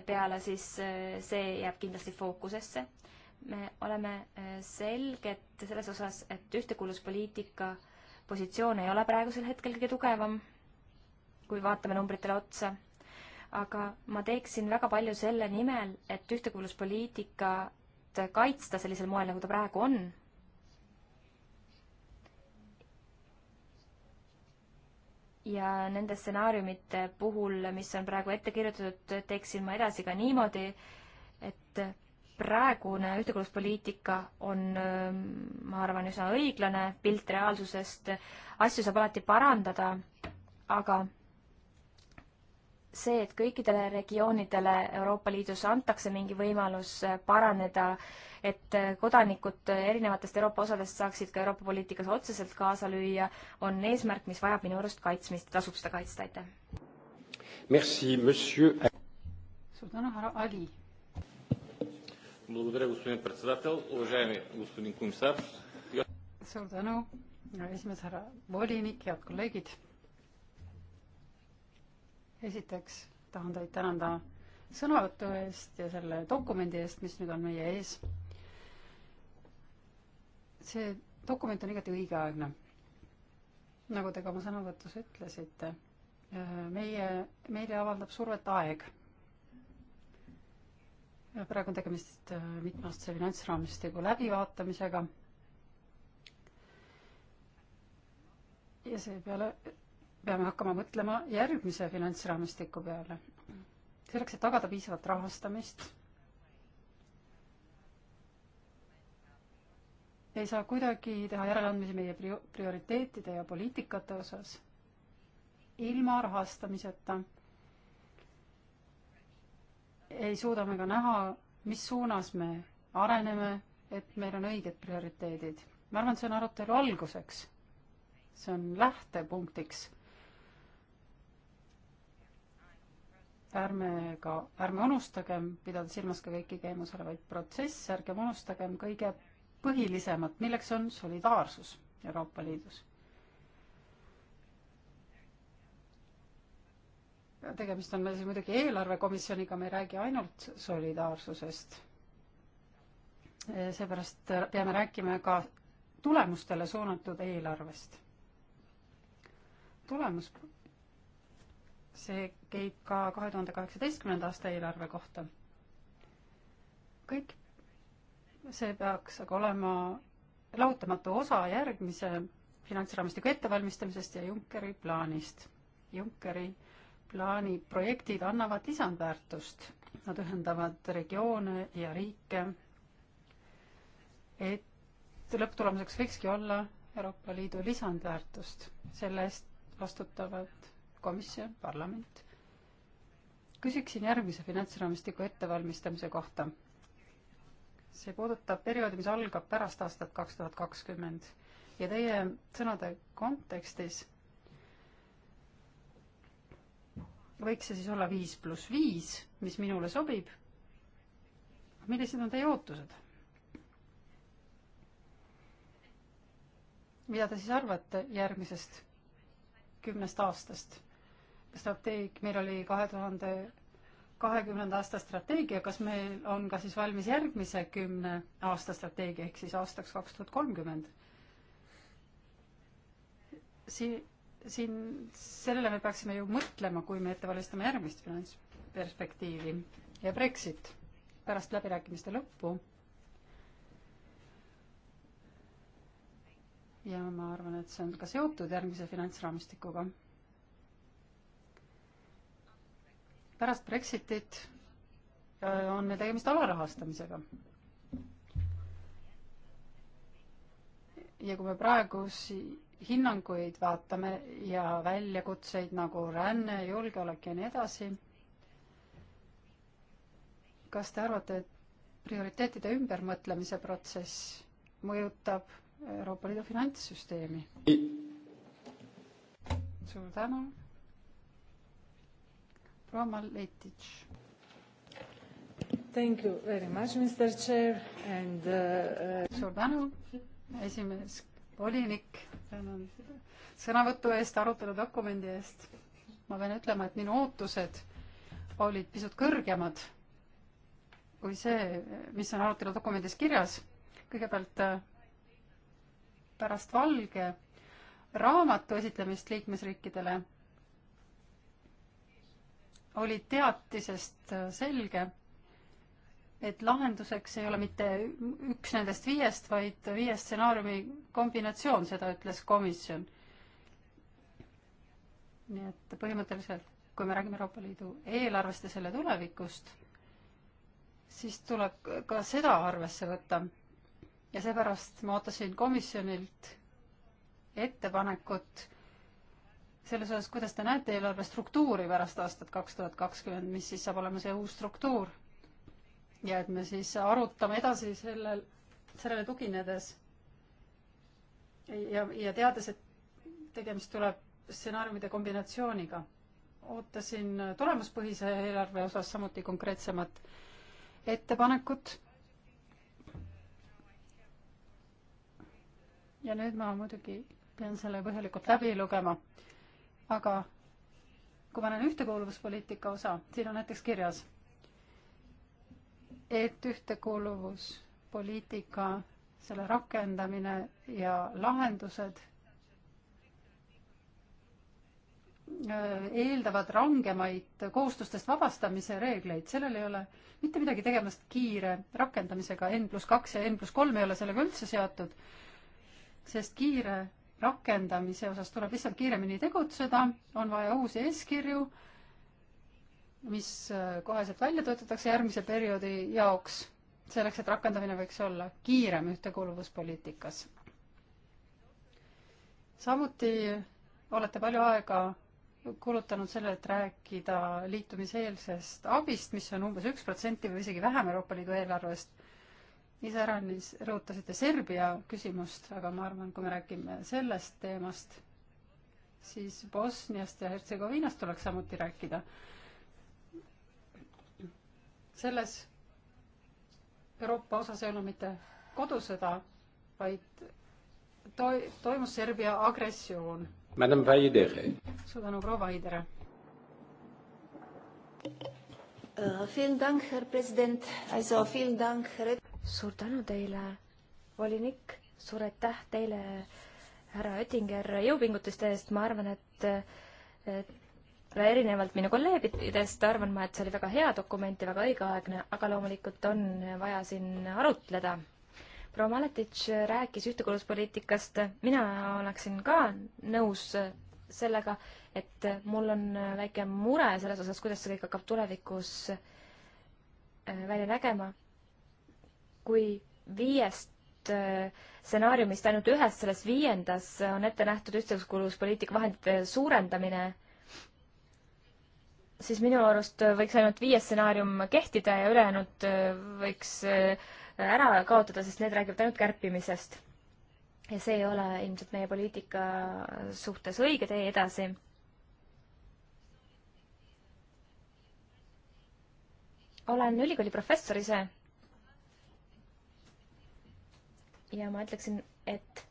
peale, siis see jääb kindlasti fookusesse me oleme äh, selged selles osas, et ühtekuuluvuspoliitika positsioon ei ole praegusel hetkel kõige tugevam, kui vaatame numbritele otsa. aga ma teeksin väga palju selle nimel, et ühtekuuluvuspoliitikat kaitsta sellisel moel, nagu ta praegu on. ja nende stsenaariumite puhul, mis on praegu ette kirjutatud, teeksin ma edasi ka niimoodi, et praegune ühtekuuluvuspoliitika on, ähm, ma arvan, üsna õiglane pilt reaalsusest. asju saab alati parandada, aga see, et kõikidele regioonidele Euroopa Liidus antakse mingi võimalus äh, paraneda, et äh, kodanikud äh, erinevatest Euroopa osadest saaksid ka Euroopa poliitikas otseselt kaasa lüüa, on eesmärk, mis vajab minu arust kaitsmist, tasub seda kaitsta, aitäh. Merci, monsieur. suur tänu, härra Agi Благодаря, господин председател. Уважаеми господин комисар. Suur tänu, esimees härra volinik, head kolleegid. esiteks tahan teid tänada sõnavõtu eest ja selle dokumendi eest, mis nüüd on meie ees. see dokument on igati õigeaegne. nagu te ka oma sõnavõtus ütlesite, meie, meile avaldab survet aeg praegu on tegemist äh, mitmeaastase finantsraamistiku läbivaatamisega. ja seepeale peame hakkama mõtlema järgmise finantsraamistiku peale. selleks, et tagada piisavat rahastamist, ei saa kuidagi teha järeleandmisi meie prioriteetide ja poliitikate osas ilma rahastamiseta ei suuda me ka näha, mis suunas me areneme, et meil on õiged prioriteedid. ma arvan, et see on arutelu alguseks. see on lähtepunktiks. ärme ka, ärme unustagem, pidada silmas ka kõiki käimasolevaid protsesse, ärgem unustagem kõige põhilisemat, milleks on solidaarsus Euroopa Liidus tegemist on meil siin muidugi eelarvekomisjoniga, me ei räägi ainult solidaarsusest. seepärast peame rääkima ka tulemustele suunatud eelarvest. tulemus, see käib ka kahe tuhande kaheksateistkümnenda aasta eelarve kohta. kõik see peaks aga olema lahutamatu osa järgmise finantsraamistiku ettevalmistamisest ja Junckeri plaanist. Junckeri äh, plaani projektid annavad lisandväärtust. Nad ühendavad regioone ja riike, et lõpptulemuseks võikski olla Euroopa Liidu lisandväärtust. selle eest vastutavad komisjon, parlament. küsiksin järgmise finantsraamistiku ettevalmistamise kohta. see puudutab perioodi, mis algab pärast aastat kaks tuhat kakskümmend ja teie sõnade kontekstis võiks see siis olla viis pluss viis, mis minule sobib. millised on teie ootused? mida te siis arvate järgmisest kümnest aastast? strateeg-, meil oli kahe tuhande kahekümnenda aasta strateegia, kas meil on ka siis valmis järgmise kümne aasta strateegia ehk siis aastaks kaks tuhat kolmkümmend? siin siin, sellele me peaksime ju mõtlema, kui me ette valmistame järgmist finantsperspektiivi ja Brexit pärast läbirääkimiste lõppu. ja ma arvan, et see on ka seotud järgmise finantsraamistikuga. pärast Brexitit äh, on meil tegemist alarahastamisega. ja kui me praegu si-, hinnanguid vaatame ja väljakutseid nagu ränne, julgeolek ja nii edasi, kas te arvate, et prioriteetide ümbermõtlemise protsess mõjutab Euroopa Liidu finantssüsteemi? suur tänu. proua Maletitš. Thank you very much, Mr Chair and uh, uh, suur tänu, esimees volinik, tänan sõnavõtu eest, arutelu dokumendi eest. ma pean ütlema, et minu ootused olid pisut kõrgemad kui see, mis on arutelu dokumendis kirjas. kõigepealt äh, pärast valge raamatu esitlemist liikmesriikidele oli teatisest äh, selge et lahenduseks ei ole mitte üks nendest viiest, vaid viie stsenaariumi kombinatsioon, seda ütles komisjon. nii et põhimõtteliselt, kui me räägime Euroopa Liidu eelarvest ja selle tulevikust, siis tuleb ka seda arvesse võtta. ja seepärast ma ootasin komisjonilt ettepanekut selles osas, kuidas te näete eelarve struktuuri pärast aastat kaks tuhat kakskümmend, mis siis saab olema see uus struktuur ja et me siis arutame edasi sellel, sellele tuginedes ja, ja teades, et tegemist tuleb stsenaariumide kombinatsiooniga. ootasin tulemuspõhise eelarve osas samuti konkreetsemat ettepanekut. ja nüüd ma muidugi pean selle põhjalikult läbi lugema. aga kui ma näen ühtekuuluvuspoliitika osa, siin on näiteks kirjas et ühtekuuluvuspoliitika, selle rakendamine ja lahendused äh, eeldavad rangemaid kohustustest vabastamise reegleid, sellel ei ole mitte midagi tegemast kiire rakendamisega, N pluss kaks ja N pluss kolm ei ole sellega üldse seotud, sest kiire rakendamise osas tuleb lihtsalt kiiremini tegutseda, on vaja uusi eeskirju mis äh, koheselt välja töötatakse järgmise perioodi jaoks, selleks et rakendamine võiks olla kiirem ühtekuuluvuspoliitikas. samuti olete palju aega kulutanud selle, et rääkida liitumiseelsest abist, mis on umbes üks protsenti või isegi vähem Euroopa Liidu eelarvest. iseäranis rõhutasite Serbia küsimust, aga ma arvan, kui me räägime sellest teemast, siis Bosniast ja Hertsegoviinast tuleks samuti rääkida selles Euroopa osas ei olnud mitte kodusõda, vaid toi-, toimus Serbia agressioon. suur tänu, proua Vaidere. Äh, suur tänu teile, volinik, suur aitäh teile, härra Oettinger, jõupingutuste eest, ma arvan, et, et erinevalt minu kolleegidest arvan ma, et see oli väga hea dokument ja väga õigeaegne, aga loomulikult on vaja siin arutleda. proua Maletitš rääkis ühtekuuluvuspoliitikast, mina oleksin ka nõus sellega, et mul on väike mure selles osas, kuidas see kõik hakkab tulevikus äh, välja nägema. kui viiest äh, stsenaariumist ainult ühes, selles viiendas on ette nähtud ühtekuuluvuspoliitika vahendite suurendamine siis minu arust äh, võiks ainult viies stsenaarium kehtida ja ülejäänud äh, võiks äh, ära kaotada, sest need räägivad ainult kärpimisest. ja see ei ole ilmselt meie poliitika suhtes õige tee edasi. olen ülikooli professor ise. ja ma ütleksin, et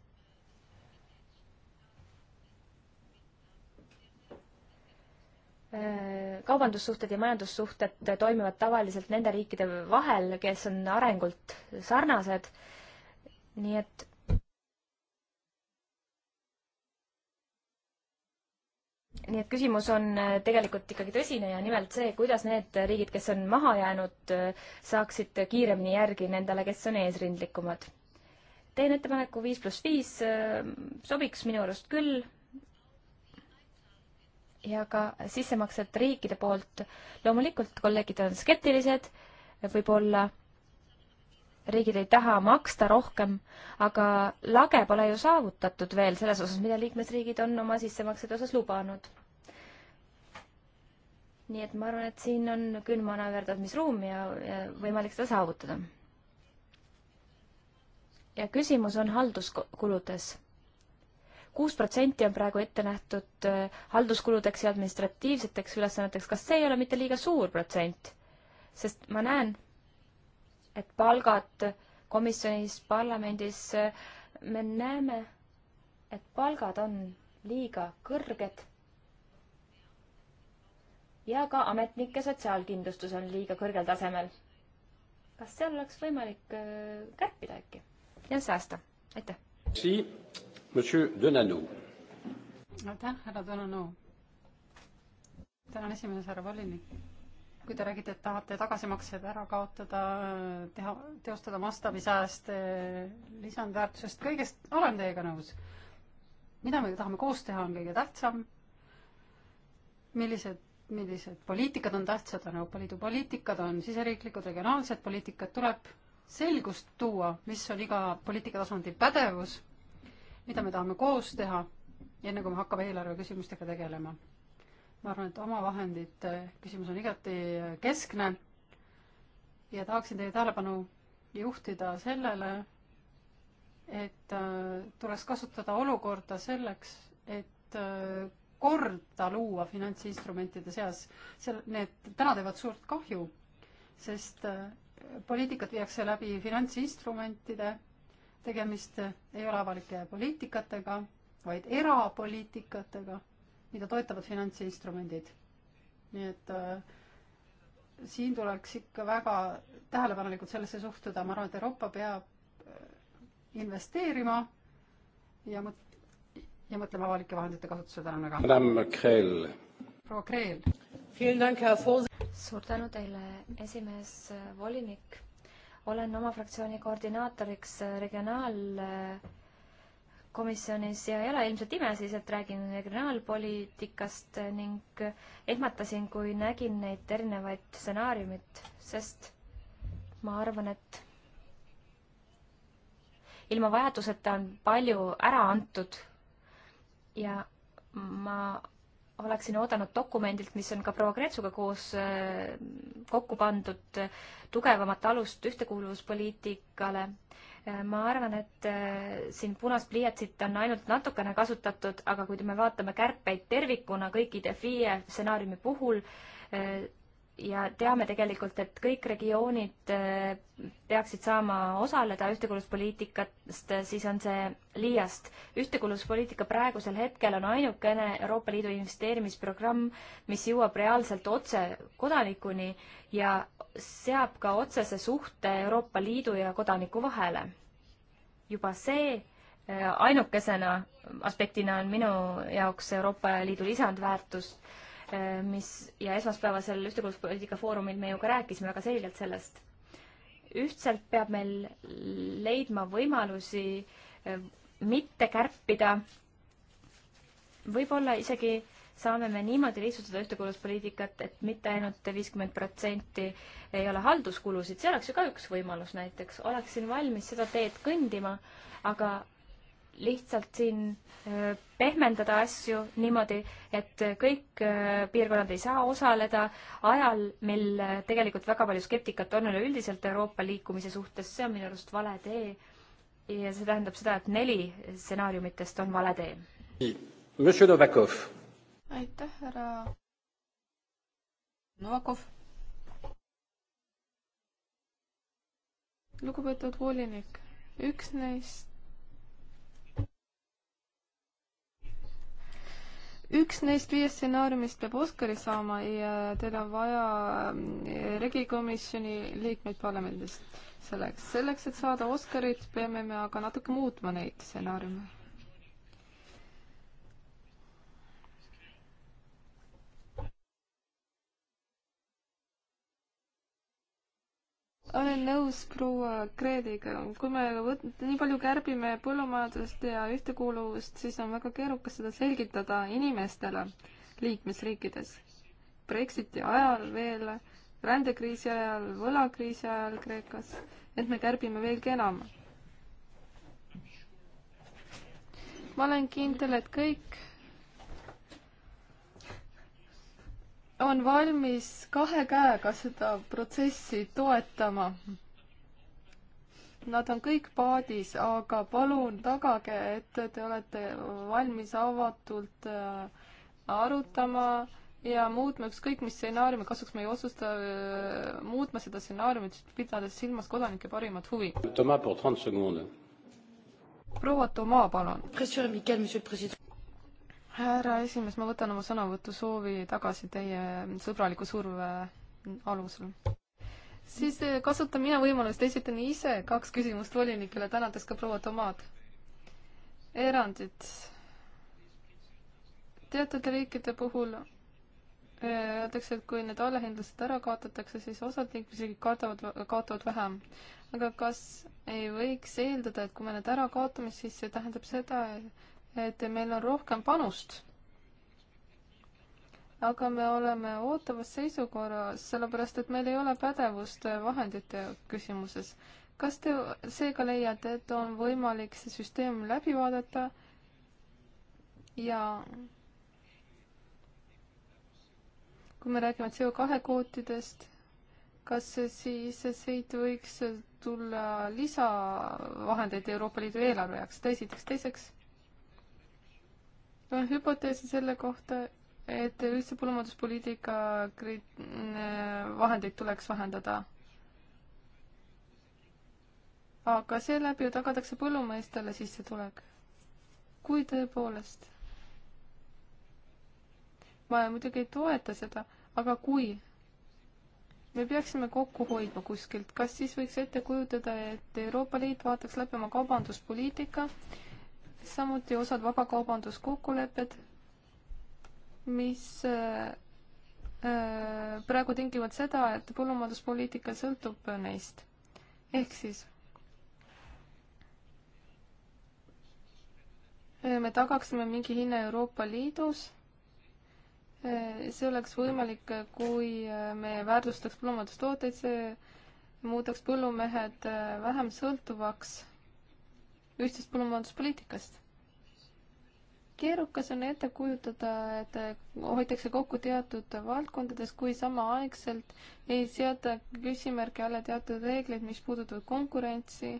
Äh, kaubandussuhted ja majandussuhted toimivad tavaliselt nende riikide vahel, kes on arengult sarnased. nii et nii et küsimus on äh, tegelikult ikkagi tõsine ja nimelt see, kuidas need riigid, kes on maha jäänud, äh, saaksid kiiremini järgi nendele, kes on eesrindlikumad. teen ettepaneku viis pluss viis, sobiks minu arust küll ja ka sissemaksed riikide poolt. loomulikult kolleegid on skeptilised, võib-olla riigid ei taha maksta rohkem, aga lage pole ju saavutatud veel selles osas, mida liikmesriigid on oma sissemaksete osas lubanud. nii et ma arvan, et siin on küll manööverdamisruumi ja, ja võimalik seda saavutada. ja küsimus on halduskuludes kuus protsenti on praegu ette nähtud äh, halduskuludeks ja administratiivseteks ülesanneteks, kas see ei ole mitte liiga suur protsent? sest ma näen, et palgad komisjonis, parlamendis, äh, me näeme, et palgad on liiga kõrged ja ka ametnike sotsiaalkindlustus on liiga kõrgel tasemel. kas seal oleks võimalik äh, kärpida äkki ja säästa? aitäh! Monsieur Denano. aitäh, härra Denano. tänan esimeses, härra volinik. kui te räägite, et tahate tagasimaksed ära kaotada, teha, teostada mastaabisääste eh, lisandväärtusest, kõigest olen teiega nõus. mida me tahame koos teha, on kõige tähtsam. millised millised poliitikad on tähtsad, on Euroopa Liidu poliitikad, on siseriiklikud, regionaalsed poliitikad, tuleb selgust tuua, mis on iga poliitikatasandi pädevus mida me tahame koos teha, enne kui me hakkame eelarve küsimustega tegelema. ma arvan, et omavahendite küsimus on igati keskne ja tahaksin teie tähelepanu juhtida sellele, et äh, tuleks kasutada olukorda selleks, et äh, korda luua finantsinstrumentide seas, seal need täna teevad suurt kahju, sest äh, poliitikat viiakse läbi finantsinstrumentide tegemist ei ole avalike poliitikatega, vaid erapoliitikatega, mida toetavad finantsinstrumendid. nii et äh, siin tuleks ikka väga tähelepanelikult sellesse suhtuda, ma arvan, et Euroopa peab äh, investeerima ja mõt-, ja mõtlema avalike vahendite kasutuse täna väga. proua Kreel. suur tänu teile, esimees volinik olen oma fraktsiooni koordinaatoriks äh, regionaalkomisjonis ja ei ole ilmselt ime siis, et räägin regionaalpoliitikast ning ehmatasin, kui nägin neid erinevaid stsenaariumid, sest ma arvan, et ilma vajaduseta on palju ära antud ja ma oleksin oodanud dokumendilt, mis on ka proua Kretsuga koos äh, kokku pandud, tugevamat alust ühtekuuluvuspoliitikale. Äh, ma arvan, et äh, siin punast pliiatsit on ainult natukene kasutatud, aga kui me vaatame kärpeid tervikuna kõikide FIE stsenaariumi puhul, ja teame tegelikult, et kõik regioonid äh, peaksid saama osaleda ühtekuuluvuspoliitikast, äh, siis on see liiast. ühtekuuluvuspoliitika praegusel hetkel on ainukene Euroopa Liidu investeerimisprogramm, mis jõuab reaalselt otse kodanikuni ja seab ka otsese suhte Euroopa Liidu ja kodaniku vahele. juba see äh, ainukesena aspektina on minu jaoks Euroopa Liidu lisandväärtust Äh, mis ja esmaspäevasel ühtekuuluvuspoliitika foorumil me ju ka rääkisime väga selgelt sellest. ühtselt peab meil leidma võimalusi äh, mitte kärpida. võib-olla isegi saame me niimoodi lihtsustada ühtekuuluvuspoliitikat, et mitte ainult viiskümmend protsenti ei ole halduskulusid, see oleks ju ka üks võimalus näiteks, oleksin valmis seda teed kõndima, aga lihtsalt siin äh, pehmendada asju niimoodi, et kõik äh, piirkonnad ei saa osaleda ajal, mil äh, tegelikult väga palju skeptikat on üleüldiselt Euroopa liikumise suhtes, see on minu arust vale tee. ja see tähendab seda, et neli stsenaariumitest on vale tee. Monsieur Novakov. aitäh, härra Novakov. lugupeetud volinik, üks neist üks neist viiest stsenaariumist peab Oscari saama ja teil on vaja ähm, regikomisjoni liikmeid parlamendist selleks. selleks, et saada Oscarit, peame me aga natuke muutma neid stsenaariume olen nõus proua Kreediga, kui me võt-, nii palju kärbime põllumajandust ja ühtekuuluvust, siis on väga keerukas seda selgitada inimestele liikmesriikides. Brexiti ajal veel, rändekriisi ajal, võlakriisi ajal Kreekas, et me kärbime veelgi enam. ma olen kindel, et kõik on valmis kahe käega seda protsessi toetama. Nad on kõik paadis, aga palun tagage, et te olete valmis avatult äh, arutama ja muutma ükskõik mis stsenaariumi, kasuks me ei otsusta äh, muutma seda stsenaariumit, pidades silmas kodanike parimat huvi. proua Toma, palun härra esimees, ma võtan oma sõnavõtusoovi tagasi teie sõbraliku surve alusel. siis eh, kasutan mina võimalust, esitan ise kaks küsimust volinikele, tänades ka proua Tomad. erandid. teatud riikide puhul eh, öeldakse, et kui need allahindlused ära kaotatakse, siis osad liikmesriigid kaotavad, kaotavad vähem. aga kas ei võiks eeldada, et kui me need ära kaotame, siis see tähendab seda, et et meil on rohkem panust. aga me oleme ootavas seisukorras, sellepärast et meil ei ole pädevust vahendite küsimuses. kas te seega leiate, et on võimalik see süsteem läbi vaadata ja kui me räägime CO2 kvootidest, kas siis siit võiks tulla lisavahendeid Euroopa Liidu eelarve jaoks, seda esiteks, teiseks hüpoteese selle kohta, et üldse põllumajanduspoliitika äh, vahendeid tuleks vähendada. aga seeläbi ju tagatakse põllumeestele sissetulek. kui tõepoolest. ma muidugi ei toeta seda, aga kui me peaksime kokku hoidma kuskilt, kas siis võiks ette kujutada, et Euroopa Liit vaataks läbi oma kaubanduspoliitika samuti osad vabakaubanduskokkulepped, mis äh, äh, praegu tingivad seda, et põllumajanduspoliitika sõltub neist. ehk siis äh, me tagaksime mingi hinna Euroopa Liidus, see oleks võimalik, kui me väärtustaks põllumajandustooteid, see muudaks põllumehed vähem sõltuvaks ühtsest põllumajanduspoliitikast. keerukas on ette kujutada, et hoitakse kokku teatud valdkondades, kui samaaegselt ei seata küsimärgi alla teatud reegleid, mis puudutavad konkurentsi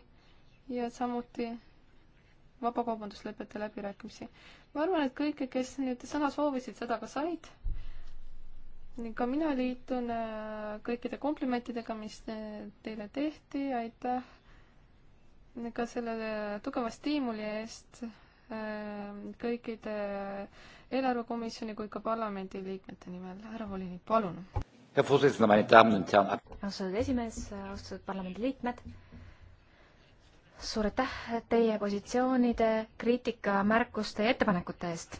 ja samuti vabakaubanduslepete läbirääkimisi. ma arvan, et kõik, kes nüüd sõna soovisid, seda ka said. ka mina liitun äh, kõikide komplimentidega, mis äh, teile tehti, aitäh ka selle tugeva stiimuli eest äh, kõikide eelarvekomisjoni kui ka parlamendi liikmete nimel. härra volinik, palun. austatud esimees, austatud parlamendi liikmed suur aitäh teie positsioonide, kriitika, märkuste ja ettepanekute eest.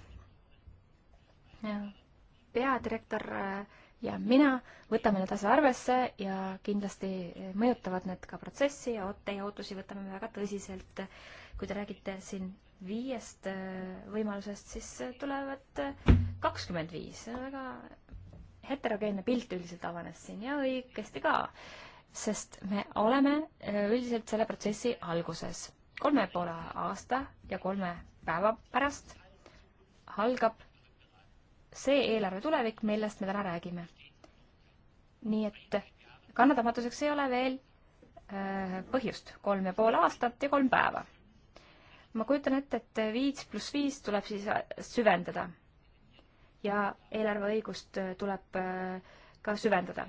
peadirektor äh, ja mina võtame need asja arvesse ja kindlasti mõjutavad need ka protsessi ja teie ootusi võtame me väga tõsiselt. kui te räägite siin viiest äh, võimalusest, siis äh, tulevad äh, kakskümmend viis, väga heterogeenne pilt üldiselt avanes siin ja õigesti ka, sest me oleme üldiselt selle protsessi alguses. kolme poole aasta ja kolme päeva pärast algab see eelarve tulevik, millest me täna räägime. nii et kannatamatuseks ei ole veel äh, põhjust, kolm ja pool aastat ja kolm päeva. ma kujutan ette, et viis pluss viis tuleb siis äh, süvendada. ja eelarveõigust äh, tuleb ka süvendada.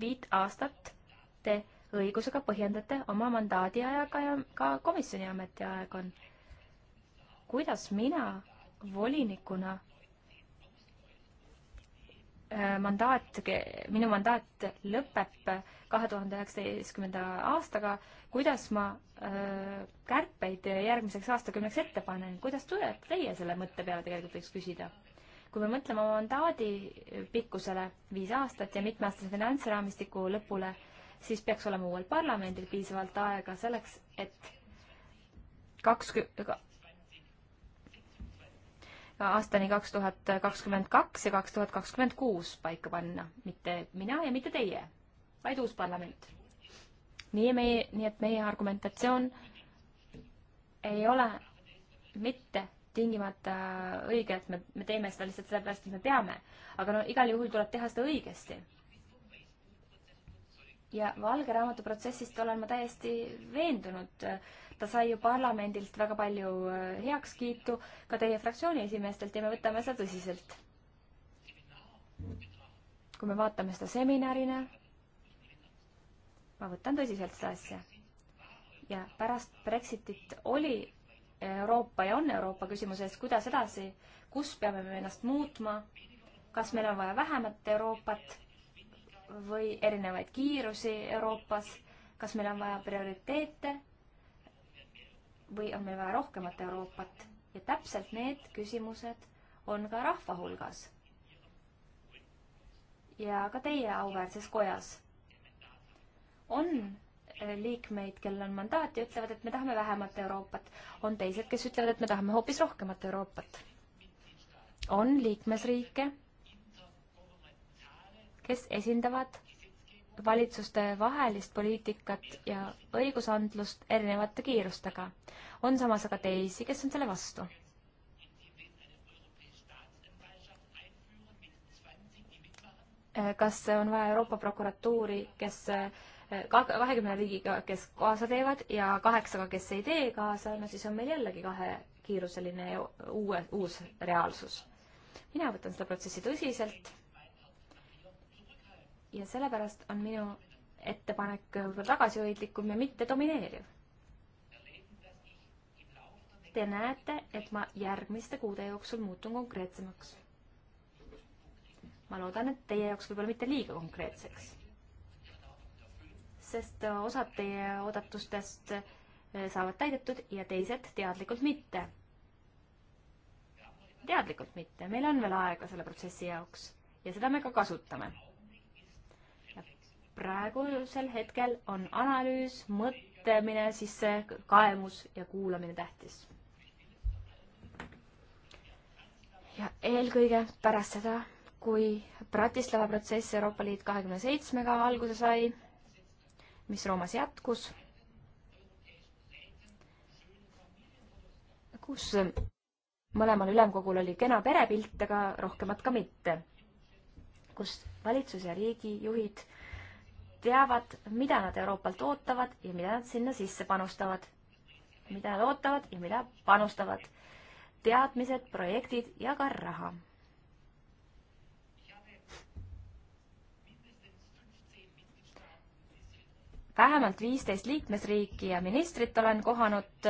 viit aastat te õigusega põhjendate oma mandaadi ajaga ja ka komisjoni ametiaeg on. kuidas mina volinikuna äh, mandaat, minu mandaat lõpeb kahe tuhande üheksateistkümnenda aastaga, kuidas ma öö, äh, kärpeid järgmiseks aastakümneks ette panen, kuidas tuleb teie selle mõtte peale tegelikult võiks küsida? kui me mõtleme oma mandaadi pikkusele viis aastat ja mitmeaastase finantsraamistiku lõpule, siis peaks olema uuel parlamendil piisavalt aega selleks, et kaks, aastani kaks tuhat kakskümmend kaks ja kaks tuhat kakskümmend kuus paika panna, mitte mina ja mitte teie, vaid uus parlament. nii meie, nii et meie argumentatsioon ei ole mitte tingimata õige, et me, me teeme seda lihtsalt sellepärast, et me peame, aga no igal juhul tuleb teha seda õigesti ja Valge Raamatu protsessist olen ma täiesti veendunud. ta sai ju parlamendilt väga palju äh, heakskiitu, ka teie fraktsiooni esimeestelt ja me võtame seda tõsiselt. kui me vaatame seda seminarina, ma võtan tõsiselt seda asja. ja pärast Brexitit oli Euroopa ja on Euroopa küsimuse ees, kuidas edasi, kus peame me ennast muutma, kas meil on vaja vähemat Euroopat või erinevaid kiirusi Euroopas, kas meil on vaja prioriteete või on meil vaja rohkemat Euroopat ja täpselt need küsimused on ka rahva hulgas. ja ka teie auväärses kojas. on liikmeid, kellel on mandaat ja ütlevad, et me tahame vähemat Euroopat. on teised, kes ütlevad, et me tahame hoopis rohkemat Euroopat. on liikmesriike kes esindavad valitsuste vahelist poliitikat ja õigusandlust erinevate kiirustega. on samas aga teisi, kes on selle vastu. kas on vaja Euroopa prokuratuuri, kes kahekümne riigiga, kes kaasa teevad ja kaheksaga, kes ei tee kaasa, no siis on meil jällegi kahekiiruseline uue, uus reaalsus. mina võtan seda protsessi tõsiselt ja sellepärast on minu ettepanek võib-olla tagasihoidlikum ja mitte domineeriv. Te näete, et ma järgmiste kuude jooksul muutun konkreetsemaks. ma loodan, et teie jaoks võib-olla mitte liiga konkreetseks. sest osad teie oodatustest eh, saavad täidetud ja teised teadlikult mitte. teadlikult mitte, meil on veel aega selle protsessi jaoks ja seda me ka kasutame praegusel hetkel on analüüs, mõtlemine, siis see kaemus ja kuulamine tähtis. ja eelkõige pärast seda, kui Bratislava protsess Euroopa Liit kahekümne seitsmega alguse sai, mis Roomas jätkus, kus mõlemal ülemkogul oli kena perepilt, aga rohkemat ka mitte, kus valitsus ja riigijuhid teavad, mida nad Euroopalt ootavad ja mida nad sinna sisse panustavad. mida nad ootavad ja mida panustavad. teadmised, projektid ja ka raha. vähemalt viisteist liikmesriiki ja ministrit olen kohanud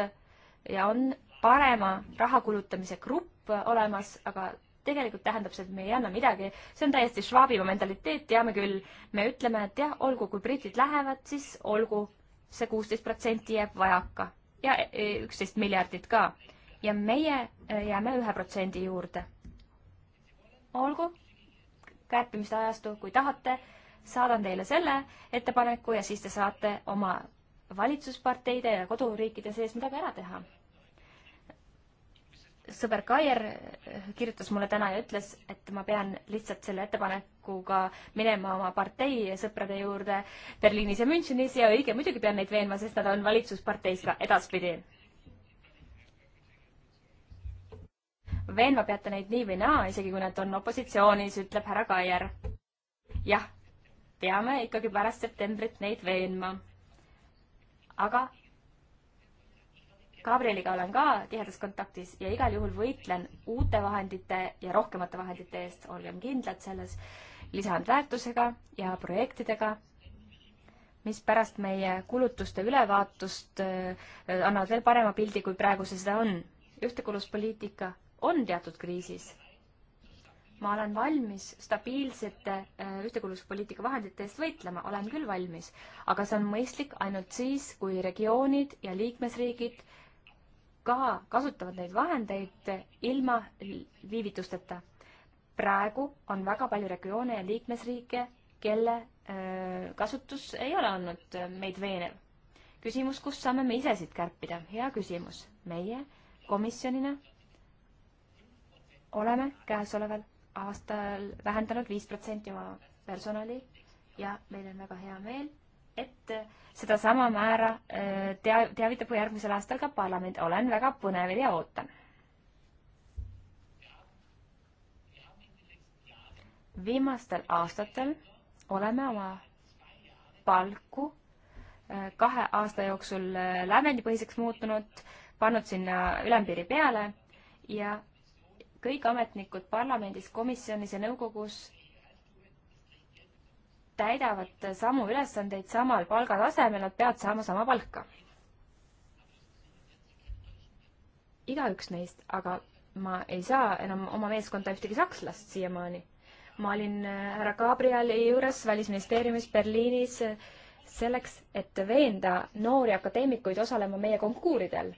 ja on parema raha kulutamise grupp olemas, aga tegelikult tähendab see, et me ei anna midagi, see on täiesti Schwabimaa mentaliteet, teame küll, me ütleme, et jah, olgu, kui britid lähevad, siis olgu see, see kuusteist protsenti jääb vajaka ja e, üksteist miljardit ka. ja meie e, jääme ühe protsendi juurde. olgu, kärpimiste ajastu, kui tahate, saadan teile selle ettepaneku ja siis te saate oma valitsusparteide ja koduriikide sees midagi ära teha sõber Kaier äh, kirjutas mulle täna ja ütles, et ma pean lihtsalt selle ettepanekuga minema oma partei sõprade juurde Berliinis ja Münchenis ja õige, muidugi pean neid veenma, sest nad on valitsusparteis ka edaspidi. veenma peate neid nii või naa, isegi kui nad on opositsioonis, ütleb härra Kaier. jah, peame ikkagi pärast septembrit neid veenma. aga Gabrieliga olen ka tihedas kontaktis ja igal juhul võitlen uute vahendite ja rohkemate vahendite eest, olgem kindlad selles, lisandväärtusega ja projektidega, mis pärast meie kulutuste ülevaatust äh, annavad veel parema pildi, kui praegu see seda on. ühtekuuluvuspoliitika on teatud kriisis. ma olen valmis stabiilsete äh, ühtekuuluvuspoliitika vahendite eest võitlema, olen küll valmis, aga see on mõistlik ainult siis, kui regioonid ja liikmesriigid ka kasutavad neid vahendeid ilma viivitusteta. praegu on väga palju regioone ja liikmesriike, kelle kasutus ei ole olnud meid veenev. küsimus, kust saame me ise siit kärpida? hea küsimus. meie komisjonina oleme käesoleval aastal vähendanud viis protsenti oma personali ja meil on väga hea meel et sedasama määra äh, tea-, teavitab järgmisel aastal ka parlament. olen väga põnevil ja ootan. viimastel aastatel oleme oma palku äh, kahe aasta jooksul äh, lävendipõhiseks muutunud, pannud sinna ülempiiri peale ja kõik ametnikud parlamendis, komisjonis ja nõukogus täidavad samu ülesandeid samal palgatasemel, nad peavad saama sama palka. igaüks neist, aga ma ei saa enam oma meeskonda ühtegi sakslast siiamaani. ma olin äh, härra Gabrieli juures Välisministeeriumis Berliinis äh, selleks, et veenda noori akadeemikuid osalema meie konkuuridel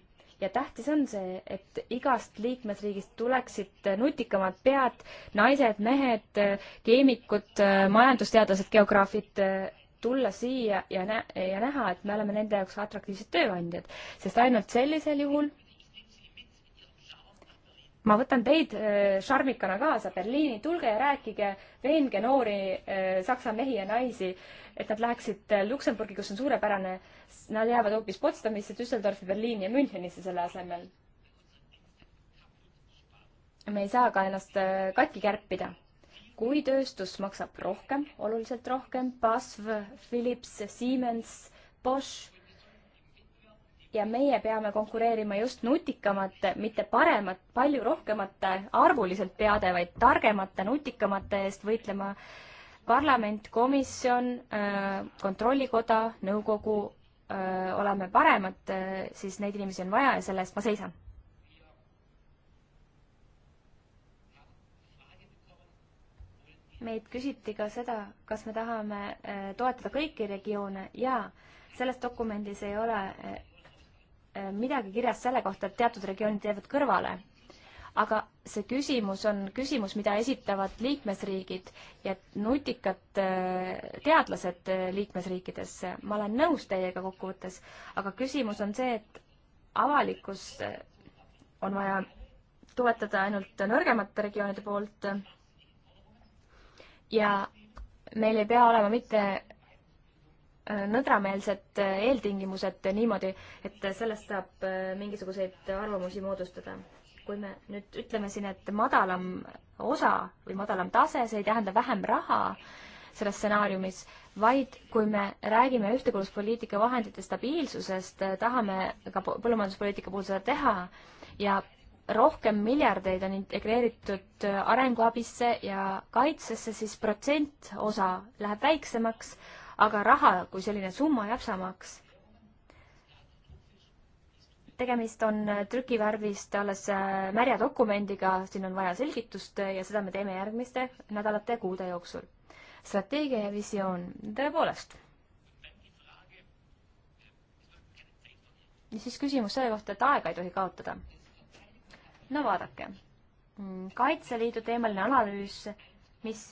ja tähtis on see, et igast liikmesriigist tuleksid nutikamad pead, naised, mehed, keemikud, majandusteadlased, geograafid, tulla siia ja nä-, ja näha, et me oleme nende jaoks atraktiivsed tööandjad. sest ainult sellisel juhul ma võtan teid äh, šarmikana kaasa Berliini, tulge ja rääkige, veenge noori äh, saksa mehi ja naisi et nad läheksid Luksemburgi, kus on suurepärane, nad jäävad hoopis Potsdamisse, Düsseldorfi, Berliini ja Münchenisse selle asemel. me ei saa ka ennast äh, katki kärpida. kui tööstus maksab rohkem, oluliselt rohkem, BASF, Philips, Siemens, Bosch, ja meie peame konkureerima just nutikamate, mitte paremat, palju rohkemate, arvuliselt peade, vaid targemate, nutikamate eest võitlema parlament, komisjon, äh, kontrollikoda, nõukogu äh, oleme paremad, äh, siis neid inimesi on vaja ja selle eest ma seisan. meid küsiti ka seda, kas me tahame toetada kõiki regioone ja selles dokumendis ei ole midagi kirjas selle kohta, et teatud regioonid jäävad kõrvale aga see küsimus on küsimus, mida esitavad liikmesriigid ja nutikad äh, teadlased äh, liikmesriikides. ma olen nõus teiega kokkuvõttes, aga küsimus on see, et avalikkus äh, on vaja toetada ainult nõrgemate regioonide poolt ja meil ei pea olema mitte nõdrameelsed eeltingimused niimoodi, et sellest saab mingisuguseid arvamusi moodustada kui me nüüd ütleme siin, et madalam osa või madalam tase, see ei tähenda vähem raha selles stsenaariumis, vaid kui me räägime ühtekuuluvuspoliitika vahendite stabiilsusest, eh, tahame ka põllumajanduspoliitika puhul seda teha ja rohkem miljardeid on integreeritud eh, arenguabisse ja kaitsesse, siis protsent osa läheb väiksemaks, aga raha kui selline summa jääb samaks tegemist on äh, trükivärvist alles äh, märja dokumendiga, siin on vaja selgitust ja seda me teeme järgmiste nädalate ja kuude jooksul. strateegia ja visioon, tõepoolest. ja siis küsimus selle kohta, et aega ei tohi kaotada. no vaadake, mm, Kaitseliidu teemaline analüüs, mis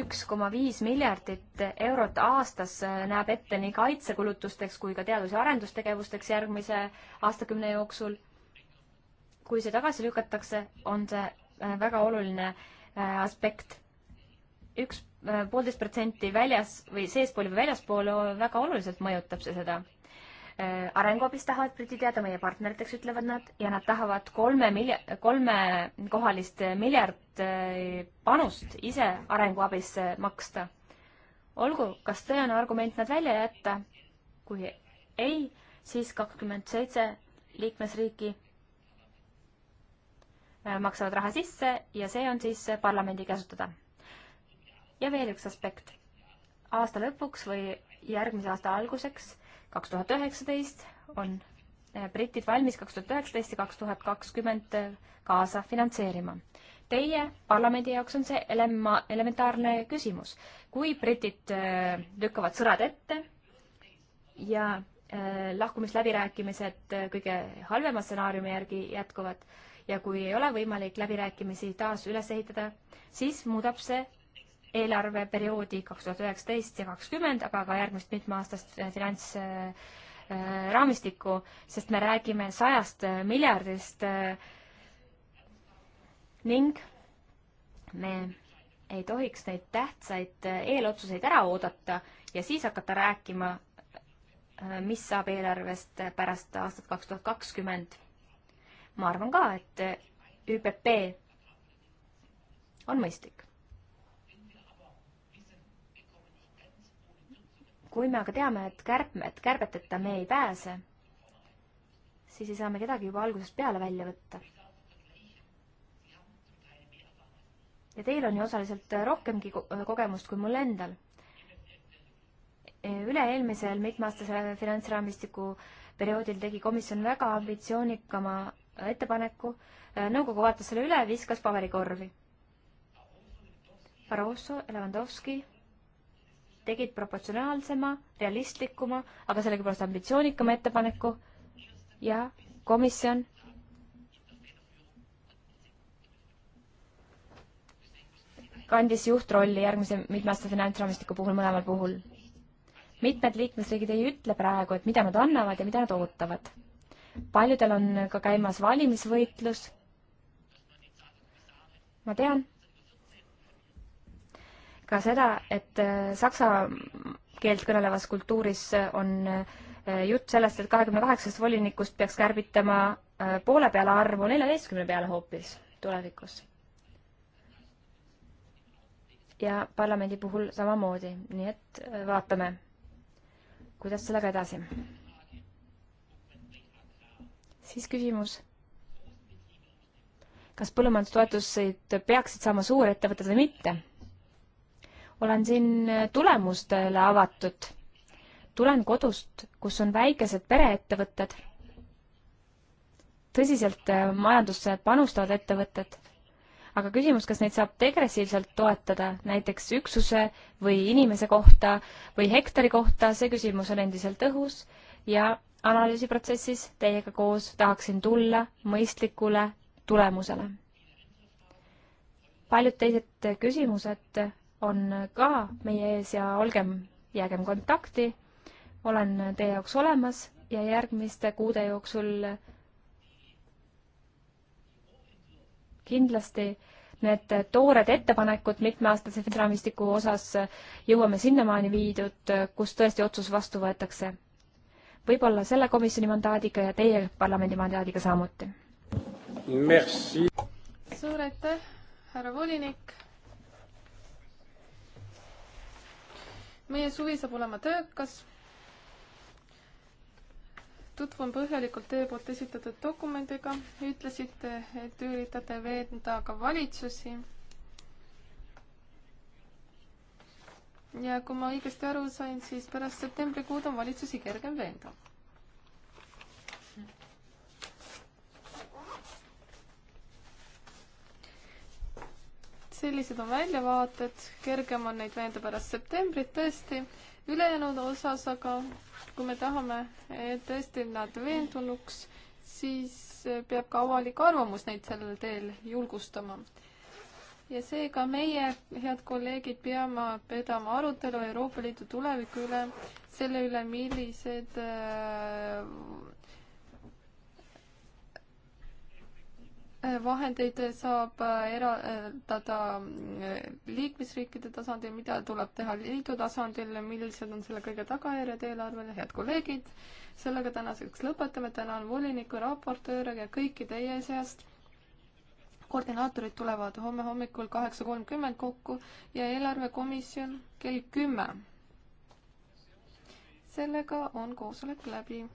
üks koma viis miljardit eurot aastas äh, näeb ette nii kaitsekulutusteks kui ka teadus- ja arendustegevusteks järgmise aastakümne jooksul. kui see tagasi lükatakse, on see äh, väga oluline äh, aspekt. üks poolteist protsenti väljas või seespool või väljaspool väga oluliselt mõjutab see seda Äh, arenguabist tahavad britid jääda meie partneriteks, ütlevad nad, ja nad tahavad kolme milja-, kolmekohalist äh, miljard äh, panust ise arenguabisse maksta. olgu, kas see on argument nad välja jätta, kui ei, siis kakskümmend seitse liikmesriiki maksavad raha sisse ja see on siis parlamendi käsutada. ja veel üks aspekt. aasta lõpuks või järgmise aasta alguseks kaks tuhat üheksateist on eh, britid valmis kaks tuhat üheksateist ja kaks tuhat kakskümmend eh, kaasa finantseerima. Teie parlamendi jaoks on see elema-, elementaarne küsimus. kui britid eh, lükkavad sõrad ette ja lahkumisläbirääkimised kõige halvema stsenaariumi järgi jätkuvad ja kui ei ole võimalik läbirääkimisi taas üles ehitada, siis muudab see eelarveperioodi kaks tuhat üheksateist ja kakskümmend, aga ka järgmist mitmeaastast äh, finantsraamistikku, äh, äh, sest me räägime sajast miljardist ning me ei tohiks neid tähtsaid eelotsuseid ära oodata ja siis hakata rääkima, mis saab eelarvest pärast aastat kaks tuhat kakskümmend. ma arvan ka, et ÜPP on mõistlik kui me aga teame, et kärpmed, kärbeteta me ei pääse, siis ei saa me kedagi juba algusest peale välja võtta. ja teil on ju osaliselt rohkemgi kogemust kui mul endal. üle-eelmisel mitmeaastase finantsraamistiku perioodil tegi komisjon väga ambitsioonikama ettepaneku, nõukogu vaatas selle üle, viskas paberikorvi. Barroso, Lewandowski tegid proportsionaalsema, realistlikuma, aga sellegipoolest ambitsioonikama ettepaneku ja komisjon kandis juhtrolli järgmise mitmeaasta finantsraamistiku puhul mõlemal puhul. mitmed liikmesriigid ei ütle praegu, et mida nad annavad ja mida nad ootavad. paljudel on ka käimas valimisvõitlus. ma tean, ka seda, et äh, saksa keelt kõnelevas kultuuris äh, on äh, jutt sellest, et kahekümne kaheksast volinikust peaks kärbitama poole peale arvu neljateistkümne peale hoopis tulevikus. ja parlamendi puhul samamoodi, nii et vaatame, kuidas sellega edasi. siis küsimus kas põllumajandustoetuseid peaksid saama suurettevõtted või mitte? olen siin äh, tulemustele avatud. tulen kodust, kus on väikesed pereettevõtted, tõsiselt äh, majandusse panustavad ettevõtted, aga küsimus, kas neid saab degressiivselt toetada, näiteks üksuse või inimese kohta või hektari kohta, see küsimus on endiselt õhus ja analüüsiprotsessis teiega koos tahaksin tulla mõistlikule tulemusele. paljud teised küsimused on ka meie ees ja olgem, jäägem kontakti. olen teie jaoks olemas ja järgmiste kuude jooksul kindlasti need toored ettepanekud mitmeaastase raamistiku osas jõuame sinnamaani viidud, kus tõesti otsus vastu võetakse. võib-olla selle komisjoni mandaadiga ja teie parlamendi mandaadiga samuti. suur aitäh, härra volinik meie suvi saab olema töökas. tutvun põhjalikult teie poolt esitatud dokumendiga. ütlesite, et üritate veenda ka valitsusi. ja kui ma õigesti aru sain, siis pärast septembrikuud on valitsusi kergem veenda sellised on väljavaated, kergem on neid veenda pärast septembrit tõesti, ülejäänud osas aga kui me tahame tõesti nad veendunuks, siis peab ka avalik arvamus neid sellel teel julgustama. ja seega meie, head kolleegid, peame pidama arutelu Euroopa Liidu tuleviku üle, selle üle, millised äh, vahendeid saab äh, eraldada äh, liikmesriikide tasandil, mida tuleb teha liidu tasandil, millised on selle kõige tagajärjed eelarvele, head kolleegid, sellega tänaseks lõpetame, tänan voliniku, raportööre ja kõiki teie seast. koordinaatorid tulevad homme hommikul kaheksa kolmkümmend kokku ja eelarvekomisjon kell kümme. sellega on koosolek läbi.